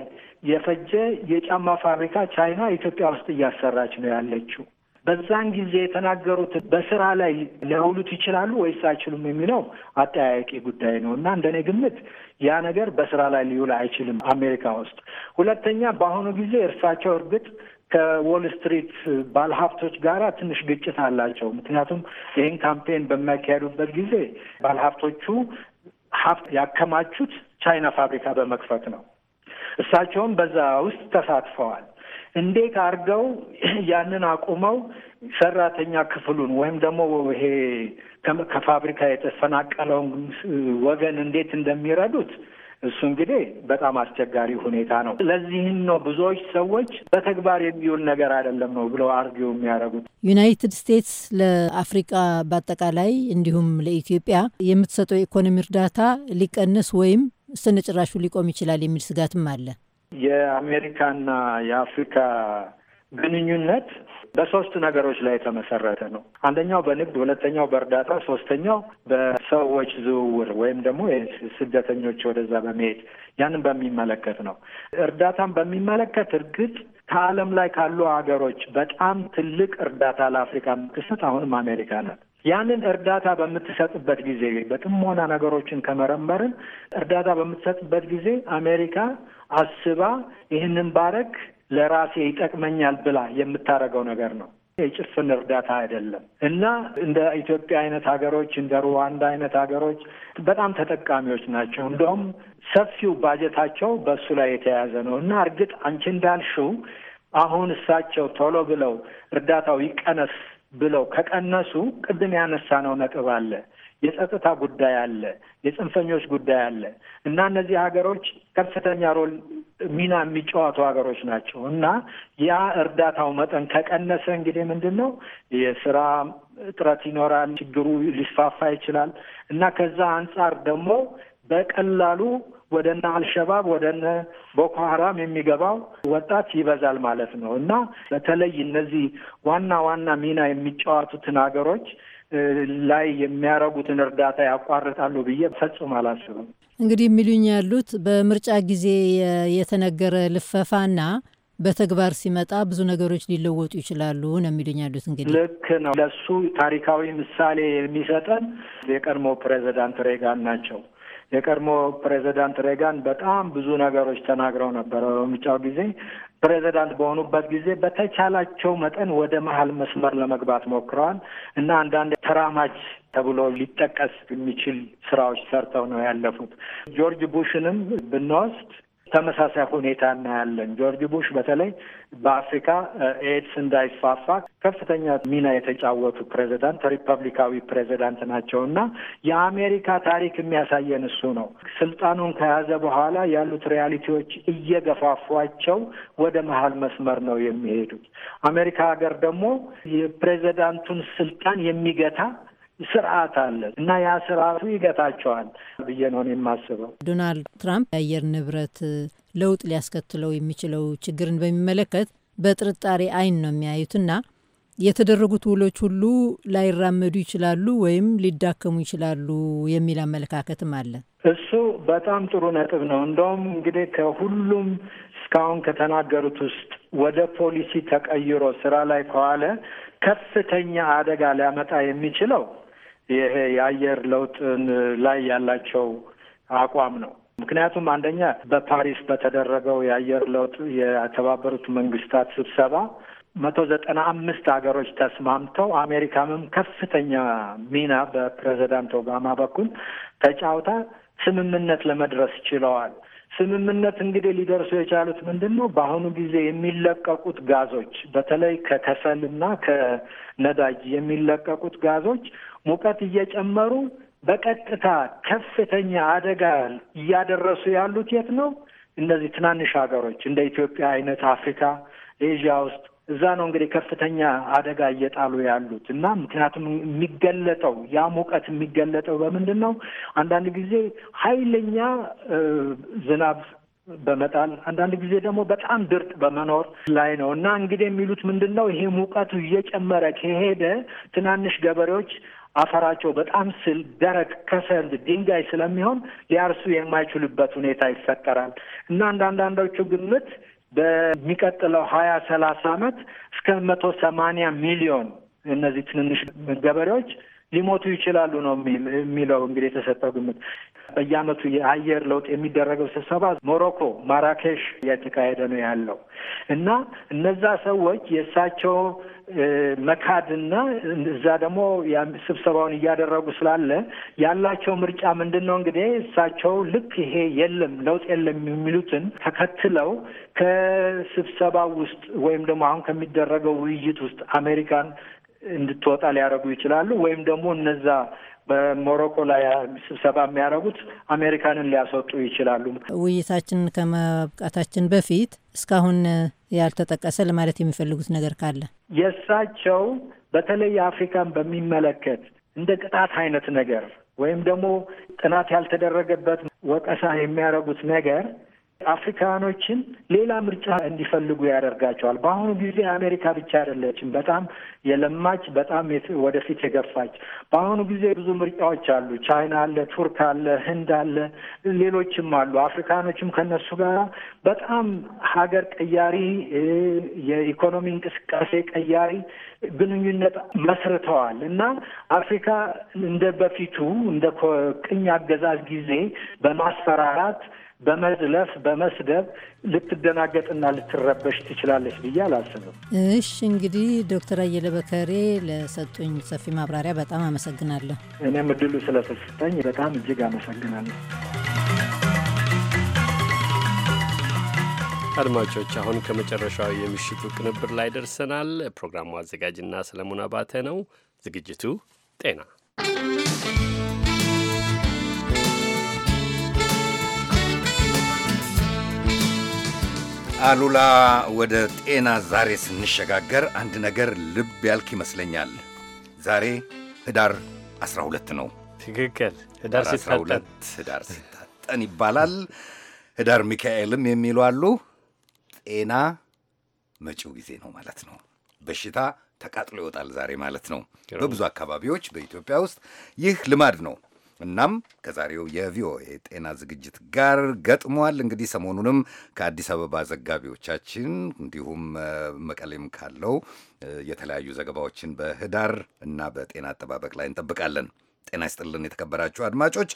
[SPEAKER 2] የፈጀ የጫማ ፋብሪካ ቻይና ኢትዮጵያ ውስጥ እያሰራች ነው ያለችው። በዛን ጊዜ የተናገሩት በስራ ላይ ሊያውሉት ይችላሉ ወይስ አይችሉም የሚለው አጠያያቂ ጉዳይ ነው እና እንደኔ ግምት ያ ነገር በስራ ላይ ሊውል አይችልም አሜሪካ ውስጥ። ሁለተኛ በአሁኑ ጊዜ እርሳቸው እርግጥ ከዎል ስትሪት ባለሀብቶች ጋር ትንሽ ግጭት አላቸው። ምክንያቱም ይህን ካምፔን በሚያካሄዱበት ጊዜ ባለሀብቶቹ ሀብት ያከማቹት ቻይና ፋብሪካ በመክፈት ነው። እሳቸውም በዛ ውስጥ ተሳትፈዋል። እንዴት አድርገው ያንን አቁመው ሰራተኛ ክፍሉን ወይም ደግሞ ይሄ ከፋብሪካ የተፈናቀለውን ወገን እንዴት እንደሚረዱት እሱ እንግዲህ በጣም አስቸጋሪ ሁኔታ ነው። ለዚህም ነው ብዙዎች ሰዎች በተግባር የሚውል ነገር አይደለም ነው ብለው አርጊው የሚያደርጉት።
[SPEAKER 5] ዩናይትድ ስቴትስ ለአፍሪቃ በአጠቃላይ እንዲሁም ለኢትዮጵያ የምትሰጠው የኢኮኖሚ እርዳታ ሊቀንስ ወይም ስነጭራሹ ሊቆም ይችላል የሚል ስጋትም አለ።
[SPEAKER 2] የአሜሪካና የአፍሪካ ግንኙነት በሶስት ነገሮች ላይ የተመሰረተ ነው። አንደኛው በንግድ፣ ሁለተኛው በእርዳታ፣ ሶስተኛው በሰዎች ዝውውር ወይም ደግሞ ስደተኞች ወደዛ በመሄድ ያንን በሚመለከት ነው። እርዳታን በሚመለከት እርግጥ ከዓለም ላይ ካሉ ሀገሮች በጣም ትልቅ እርዳታ ለአፍሪካ የምትሰጥ አሁንም አሜሪካ ናት። ያንን እርዳታ በምትሰጥበት ጊዜ በጥሞና ነገሮችን ከመረመርን እርዳታ በምትሰጥበት ጊዜ አሜሪካ አስባ ይህንን ባረግ ለራሴ ይጠቅመኛል ብላ የምታደርገው ነገር ነው። የጭፍን እርዳታ አይደለም እና እንደ ኢትዮጵያ አይነት ሀገሮች እንደ ሩዋንዳ አይነት ሀገሮች በጣም ተጠቃሚዎች ናቸው። እንደውም ሰፊው ባጀታቸው በእሱ ላይ የተያያዘ ነው እና እርግጥ አንቺ እንዳልሽው አሁን እሳቸው ቶሎ ብለው እርዳታው ይቀነስ ብለው ከቀነሱ ቅድም ነው ነጥብ አለ። የጸጥታ ጉዳይ አለ፣ የጽንፈኞች ጉዳይ አለ እና እነዚህ ሀገሮች ከፍተኛ ሮል ሚና የሚጫወቱ ሀገሮች ናቸው እና ያ እርዳታው መጠን ከቀነሰ እንግዲህ ምንድን ነው የስራ እጥረት ይኖራል፣ ችግሩ ሊስፋፋ ይችላል እና ከዛ አንጻር ደግሞ በቀላሉ ወደነ አልሸባብ ወደነ ቦኮ ሀራም የሚገባው ወጣት ይበዛል ማለት ነው እና በተለይ እነዚህ ዋና ዋና ሚና የሚጫወቱትን ሀገሮች ላይ የሚያረጉትን እርዳታ ያቋርጣሉ ብዬ ፈጽሞ አላስብም።
[SPEAKER 5] እንግዲህ የሚሉኝ ያሉት በምርጫ ጊዜ የተነገረ ልፈፋና በተግባር ሲመጣ ብዙ ነገሮች ሊለወጡ ይችላሉ ነው የሚሉኝ ያሉት። እንግዲህ
[SPEAKER 2] ልክ ነው። ለሱ ታሪካዊ ምሳሌ የሚሰጠን የቀድሞ ፕሬዚዳንት ሬጋን ናቸው። የቀድሞ ፕሬዚዳንት ሬጋን በጣም ብዙ ነገሮች ተናግረው ነበረ ። በምርጫው ጊዜ ፕሬዚዳንት በሆኑበት ጊዜ በተቻላቸው መጠን ወደ መሀል መስመር ለመግባት ሞክረዋል እና አንዳንድ ተራማጅ ተብሎ ሊጠቀስ የሚችል ስራዎች ሰርተው ነው ያለፉት። ጆርጅ ቡሽንም ብንወስድ ተመሳሳይ ሁኔታ እናያለን። ጆርጅ ቡሽ በተለይ በአፍሪካ ኤድስ እንዳይስፋፋ ከፍተኛ ሚና የተጫወቱ ፕሬዚዳንት ሪፐብሊካዊ ፕሬዚዳንት ናቸው እና የአሜሪካ ታሪክ የሚያሳየን እሱ ነው። ስልጣኑን ከያዘ በኋላ ያሉት ሪያሊቲዎች እየገፋፏቸው ወደ መሀል መስመር ነው የሚሄዱት። አሜሪካ ሀገር ደግሞ የፕሬዚዳንቱን ስልጣን የሚገታ ስርዓት አለ እና ያ ስርዓቱ ይገታቸዋል ብዬ ነው የማስበው።
[SPEAKER 5] ዶናልድ ትራምፕ የአየር ንብረት ለውጥ ሊያስከትለው የሚችለው ችግርን በሚመለከት በጥርጣሬ አይን ነው የሚያዩትና የተደረጉት ውሎች ሁሉ ላይራመዱ ይችላሉ ወይም ሊዳከሙ ይችላሉ የሚል አመለካከትም አለ።
[SPEAKER 2] እሱ በጣም ጥሩ ነጥብ ነው። እንደውም እንግዲህ ከሁሉም እስካሁን ከተናገሩት ውስጥ ወደ ፖሊሲ ተቀይሮ ስራ ላይ ከዋለ ከፍተኛ አደጋ ሊያመጣ የሚችለው ይሄ የአየር ለውጥን ላይ ያላቸው አቋም ነው። ምክንያቱም አንደኛ በፓሪስ በተደረገው የአየር ለውጥ የተባበሩት መንግስታት ስብሰባ መቶ ዘጠና አምስት ሀገሮች ተስማምተው አሜሪካምም ከፍተኛ ሚና በፕሬዚዳንት ኦባማ በኩል ተጫውታ ስምምነት ለመድረስ ችለዋል። ስምምነት እንግዲህ ሊደርሱ የቻሉት ምንድን ነው? በአሁኑ ጊዜ የሚለቀቁት ጋዞች በተለይ እና ከነዳጅ የሚለቀቁት ጋዞች ሙቀት እየጨመሩ በቀጥታ ከፍተኛ አደጋ እያደረሱ ያሉት የት ነው? እነዚህ ትናንሽ ሀገሮች እንደ ኢትዮጵያ አይነት አፍሪካ፣ ኤዥያ ውስጥ እዛ ነው እንግዲህ ከፍተኛ አደጋ እየጣሉ ያሉት እና ምክንያቱም የሚገለጠው ያ ሙቀት የሚገለጠው በምንድን ነው? አንዳንድ ጊዜ ኃይለኛ ዝናብ በመጣል አንዳንድ ጊዜ ደግሞ በጣም ድርቅ በመኖር ላይ ነው እና እንግዲህ የሚሉት ምንድን ነው ይሄ ሙቀቱ እየጨመረ ከሄደ ትናንሽ ገበሬዎች አፈራቸው በጣም ስል ደረቅ ከሰል ድንጋይ ስለሚሆን ሊያርሱ የማይችሉበት ሁኔታ ይፈጠራል እና አንዳንዶቹ ግምት በሚቀጥለው ሀያ ሰላሳ አመት እስከ መቶ ሰማንያ ሚሊዮን እነዚህ ትንንሽ ገበሬዎች ሊሞቱ ይችላሉ ነው የሚለው እንግዲህ የተሰጠው ግምት። በየአመቱ የአየር ለውጥ የሚደረገው ስብሰባ ሞሮኮ ማራኬሽ እየተካሄደ ነው ያለው እና እነዛ ሰዎች የእሳቸው መካድና እዛ ደግሞ ስብሰባውን እያደረጉ ስላለ ያላቸው ምርጫ ምንድን ነው? እንግዲህ እሳቸው ልክ ይሄ የለም ለውጥ የለም የሚሉትን ተከትለው ከስብሰባ ውስጥ ወይም ደግሞ አሁን ከሚደረገው ውይይት ውስጥ አሜሪካን እንድትወጣ ሊያደርጉ ይችላሉ። ወይም ደግሞ እነዛ በሞሮኮ ላይ ስብሰባ የሚያደርጉት አሜሪካንን ሊያስወጡ ይችላሉ።
[SPEAKER 5] ውይይታችን ከማብቃታችን በፊት እስካሁን ያልተጠቀሰ ለማለት የሚፈልጉት ነገር ካለ
[SPEAKER 2] የእሳቸው በተለይ አፍሪካን በሚመለከት እንደ ቅጣት አይነት ነገር ወይም ደግሞ ጥናት ያልተደረገበት ወቀሳ የሚያደርጉት ነገር አፍሪካኖችን ሌላ ምርጫ እንዲፈልጉ ያደርጋቸዋል። በአሁኑ ጊዜ አሜሪካ ብቻ አይደለችም፣ በጣም የለማች በጣም ወደፊት የገፋች። በአሁኑ ጊዜ ብዙ ምርጫዎች አሉ። ቻይና አለ፣ ቱርክ አለ፣ ህንድ አለ፣ ሌሎችም አሉ። አፍሪካኖችም ከነሱ ጋር በጣም ሀገር ቀያሪ የኢኮኖሚ እንቅስቃሴ ቀያሪ ግንኙነት መስርተዋል እና አፍሪካ እንደ በፊቱ እንደ ቅኝ አገዛዝ ጊዜ በማስፈራራት በመዝለፍ በመስደብ ልትደናገጥና ልትረበሽ ትችላለች ብዬ አላስብም።
[SPEAKER 5] እሽ እንግዲህ ዶክተር አየለ በከሬ ለሰጡኝ ሰፊ ማብራሪያ በጣም አመሰግናለሁ።
[SPEAKER 2] እኔም እድሉ ስለተሰጠኝ በጣም እጅግ አመሰግናለሁ።
[SPEAKER 4] አድማጮች አሁን ከመጨረሻው የምሽቱ ቅንብር ላይ ደርሰናል። ፕሮግራሙ አዘጋጅና ሰለሞን አባተ ነው። ዝግጅቱ ጤና
[SPEAKER 1] አሉላ፣ ወደ ጤና ዛሬ ስንሸጋገር አንድ ነገር ልብ ያልክ ይመስለኛል። ዛሬ ህዳር 12 ነው። ትክክል። ህዳር ሲታጠን ህዳር ሲታጠን ይባላል። ህዳር ሚካኤልም የሚሉ አሉ። ጤና መጪው ጊዜ ነው ማለት ነው። በሽታ ተቃጥሎ ይወጣል ዛሬ ማለት ነው። በብዙ አካባቢዎች በኢትዮጵያ ውስጥ ይህ ልማድ ነው። እናም ከዛሬው የቪኦኤ ጤና ዝግጅት ጋር ገጥሟል። እንግዲህ ሰሞኑንም ከአዲስ አበባ ዘጋቢዎቻችን እንዲሁም መቀሌም ካለው የተለያዩ ዘገባዎችን በህዳር እና በጤና አጠባበቅ ላይ እንጠብቃለን። ጤና ይስጥልን የተከበራችሁ አድማጮች።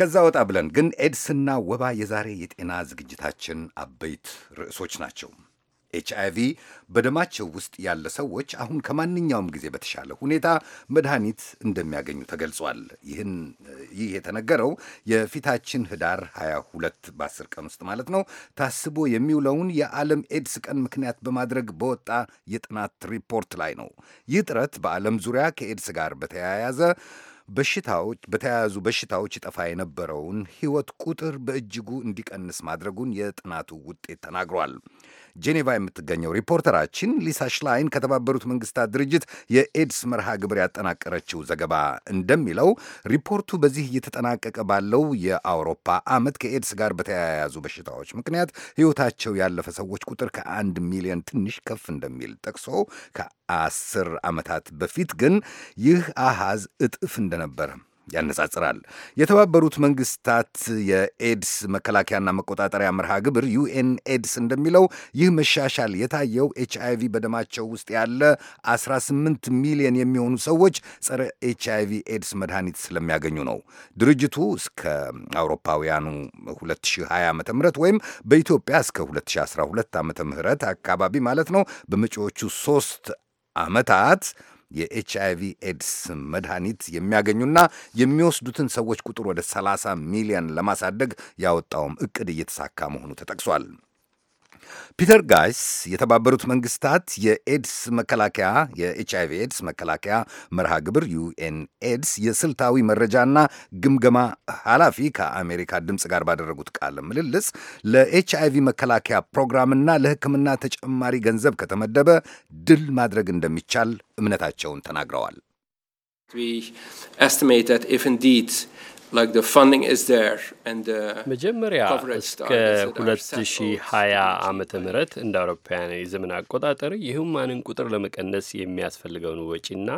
[SPEAKER 1] ከዛ ወጣ ብለን ግን ኤድስና ወባ የዛሬ የጤና ዝግጅታችን አበይት ርዕሶች ናቸው። ኤች ቪ በደማቸው ውስጥ ያለ ሰዎች አሁን ከማንኛውም ጊዜ በተሻለ ሁኔታ መድኃኒት እንደሚያገኙ ተገልጿል። ይህን ይህ የተነገረው የፊታችን ህዳር 22 በ10 ቀን ውስጥ ማለት ነው ታስቦ የሚውለውን የዓለም ኤድስ ቀን ምክንያት በማድረግ በወጣ የጥናት ሪፖርት ላይ ነው። ይህ ጥረት በዓለም ዙሪያ ከኤድስ ጋር በተያያዘ በሽታዎች በተያያዙ በሽታዎች ይጠፋ የነበረውን ህይወት ቁጥር በእጅጉ እንዲቀንስ ማድረጉን የጥናቱ ውጤት ተናግሯል። ጄኔቫ የምትገኘው ሪፖርተራችን ሊሳ ሽላይን ከተባበሩት መንግስታት ድርጅት የኤድስ መርሃ ግብር ያጠናቀረችው ዘገባ እንደሚለው ሪፖርቱ በዚህ እየተጠናቀቀ ባለው የአውሮፓ ዓመት ከኤድስ ጋር በተያያዙ በሽታዎች ምክንያት ሕይወታቸው ያለፈ ሰዎች ቁጥር ከአንድ ሚሊዮን ትንሽ ከፍ እንደሚል ጠቅሶ ከአስር ዓመታት በፊት ግን ይህ አሃዝ እጥፍ እንደነበር ያነጻጽራል። የተባበሩት መንግስታት የኤድስ መከላከያና መቆጣጠሪያ መርሃ ግብር ዩኤን ኤድስ እንደሚለው ይህ መሻሻል የታየው ኤች አይቪ በደማቸው ውስጥ ያለ 18 ሚሊዮን የሚሆኑ ሰዎች ጸረ ኤች አይቪ ኤድስ መድኃኒት ስለሚያገኙ ነው። ድርጅቱ እስከ አውሮፓውያኑ 2020 ዓ ም ወይም በኢትዮጵያ እስከ 2012 ዓ ም አካባቢ ማለት ነው በመጪዎቹ ሶስት ዓመታት የኤችአይቪ ኤድስ መድኃኒት የሚያገኙና የሚወስዱትን ሰዎች ቁጥር ወደ 30 ሚሊዮን ለማሳደግ ያወጣውም እቅድ እየተሳካ መሆኑ ተጠቅሷል። ፒተር ጋይስ የተባበሩት መንግስታት የኤድስ መከላከያ የኤች አይቪ ኤድስ መከላከያ መርሃ ግብር ዩኤን ኤድስ የስልታዊ መረጃና ግምገማ ኃላፊ ከአሜሪካ ድምፅ ጋር ባደረጉት ቃለ ምልልስ ለኤች አይቪ መከላከያ ፕሮግራምና ለሕክምና ተጨማሪ ገንዘብ ከተመደበ ድል ማድረግ እንደሚቻል እምነታቸውን
[SPEAKER 4] ተናግረዋል። መጀመሪያ እስከ 2020 ዓመተ ምህረት እንደ አውሮፓውያን የዘመን አቆጣጠር የህሙማንን ቁጥር ለመቀነስ የሚያስፈልገውን ወጪና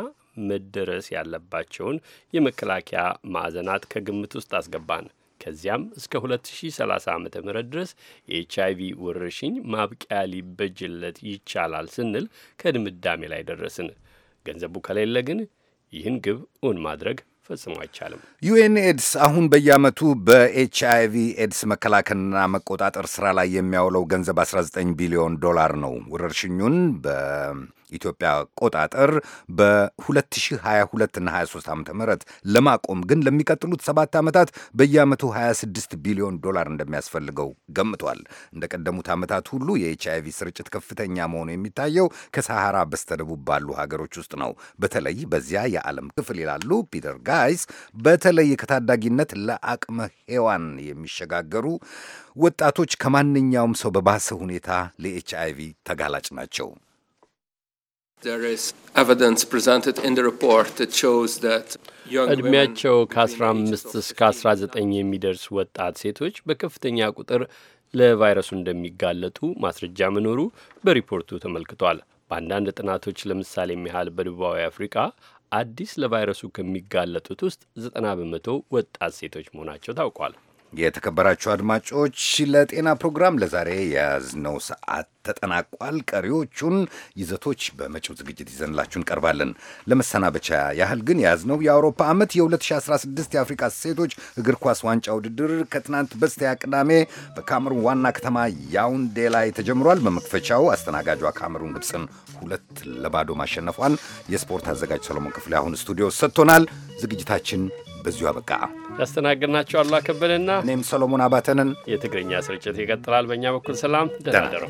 [SPEAKER 4] መደረስ ያለባቸውን የመከላከያ ማዕዘናት ከግምት ውስጥ አስገባን። ከዚያም እስከ 2030 ዓ ም ድረስ የኤች አይቪ ወረርሽኝ ማብቂያ ሊበጅለት ይቻላል ስንል ከድምዳሜ ላይ ደረስን። ገንዘቡ ከሌለ ግን ይህን ግብ እውን ማድረግ ፈጽሞ አይቻልም።
[SPEAKER 1] ዩኤን ኤድስ አሁን በየዓመቱ በኤች አይቪ ኤድስ መከላከልና መቆጣጠር ስራ ላይ የሚያውለው ገንዘብ 19 ቢሊዮን ዶላር ነው። ወረርሽኙን ኢትዮጵያ አቆጣጠር በ2022ና 23 ዓ ም ለማቆም ግን ለሚቀጥሉት ሰባት ዓመታት በየዓመቱ 26 ቢሊዮን ዶላር እንደሚያስፈልገው ገምቷል። እንደ ቀደሙት ዓመታት ሁሉ የኤች ቪ ስርጭት ከፍተኛ መሆኑ የሚታየው ከሰሃራ በስተደቡብ ባሉ ሀገሮች ውስጥ ነው። በተለይ በዚያ የዓለም ክፍል ይላሉ ፒተር ጋይስ፣ በተለይ ከታዳጊነት ለአቅመ ሔዋን የሚሸጋገሩ ወጣቶች ከማንኛውም ሰው በባሰ ሁኔታ
[SPEAKER 4] ለኤች ቪ ተጋላጭ ናቸው። ዕድሜያቸው ከ15 እስከ 19 የሚደርሱ ወጣት ሴቶች በከፍተኛ ቁጥር ለቫይረሱ እንደሚጋለጡ ማስረጃ መኖሩ በሪፖርቱ ተመልክቷል። በአንዳንድ ጥናቶች ለምሳሌ የሚያህል በደቡባዊ አፍሪካ አዲስ ለቫይረሱ ከሚጋለጡት ውስጥ 90 በመቶ ወጣት ሴቶች መሆናቸው ታውቋል። የተከበራችሁ
[SPEAKER 1] አድማጮች ለጤና ፕሮግራም ለዛሬ የያዝነው ሰዓት ተጠናቋል። ቀሪዎቹን ይዘቶች በመጪው ዝግጅት ይዘንላችሁ እንቀርባለን። ለመሰናበቻ ያህል ግን የያዝነው የአውሮፓ ዓመት የ2016 የአፍሪካ ሴቶች እግር ኳስ ዋንጫ ውድድር ከትናንት በስቲያ ቅዳሜ በካሜሩን ዋና ከተማ ያውንዴ ላይ ተጀምሯል። በመክፈቻው አስተናጋጇ ካሜሩን ግብፅን ሁለት ለባዶ ማሸነፏን የስፖርት አዘጋጅ ሰሎሞን ክፍሌ አሁን ስቱዲዮ ሰጥቶናል። ዝግጅታችን በዚሁ አበቃ።
[SPEAKER 4] ያስተናግድናቸው አሉ አከበደና እኔም ሰሎሞን አባተንን። የትግርኛ ስርጭት ይቀጥላል። በእኛ በኩል ሰላም፣ ደህና ደሩ።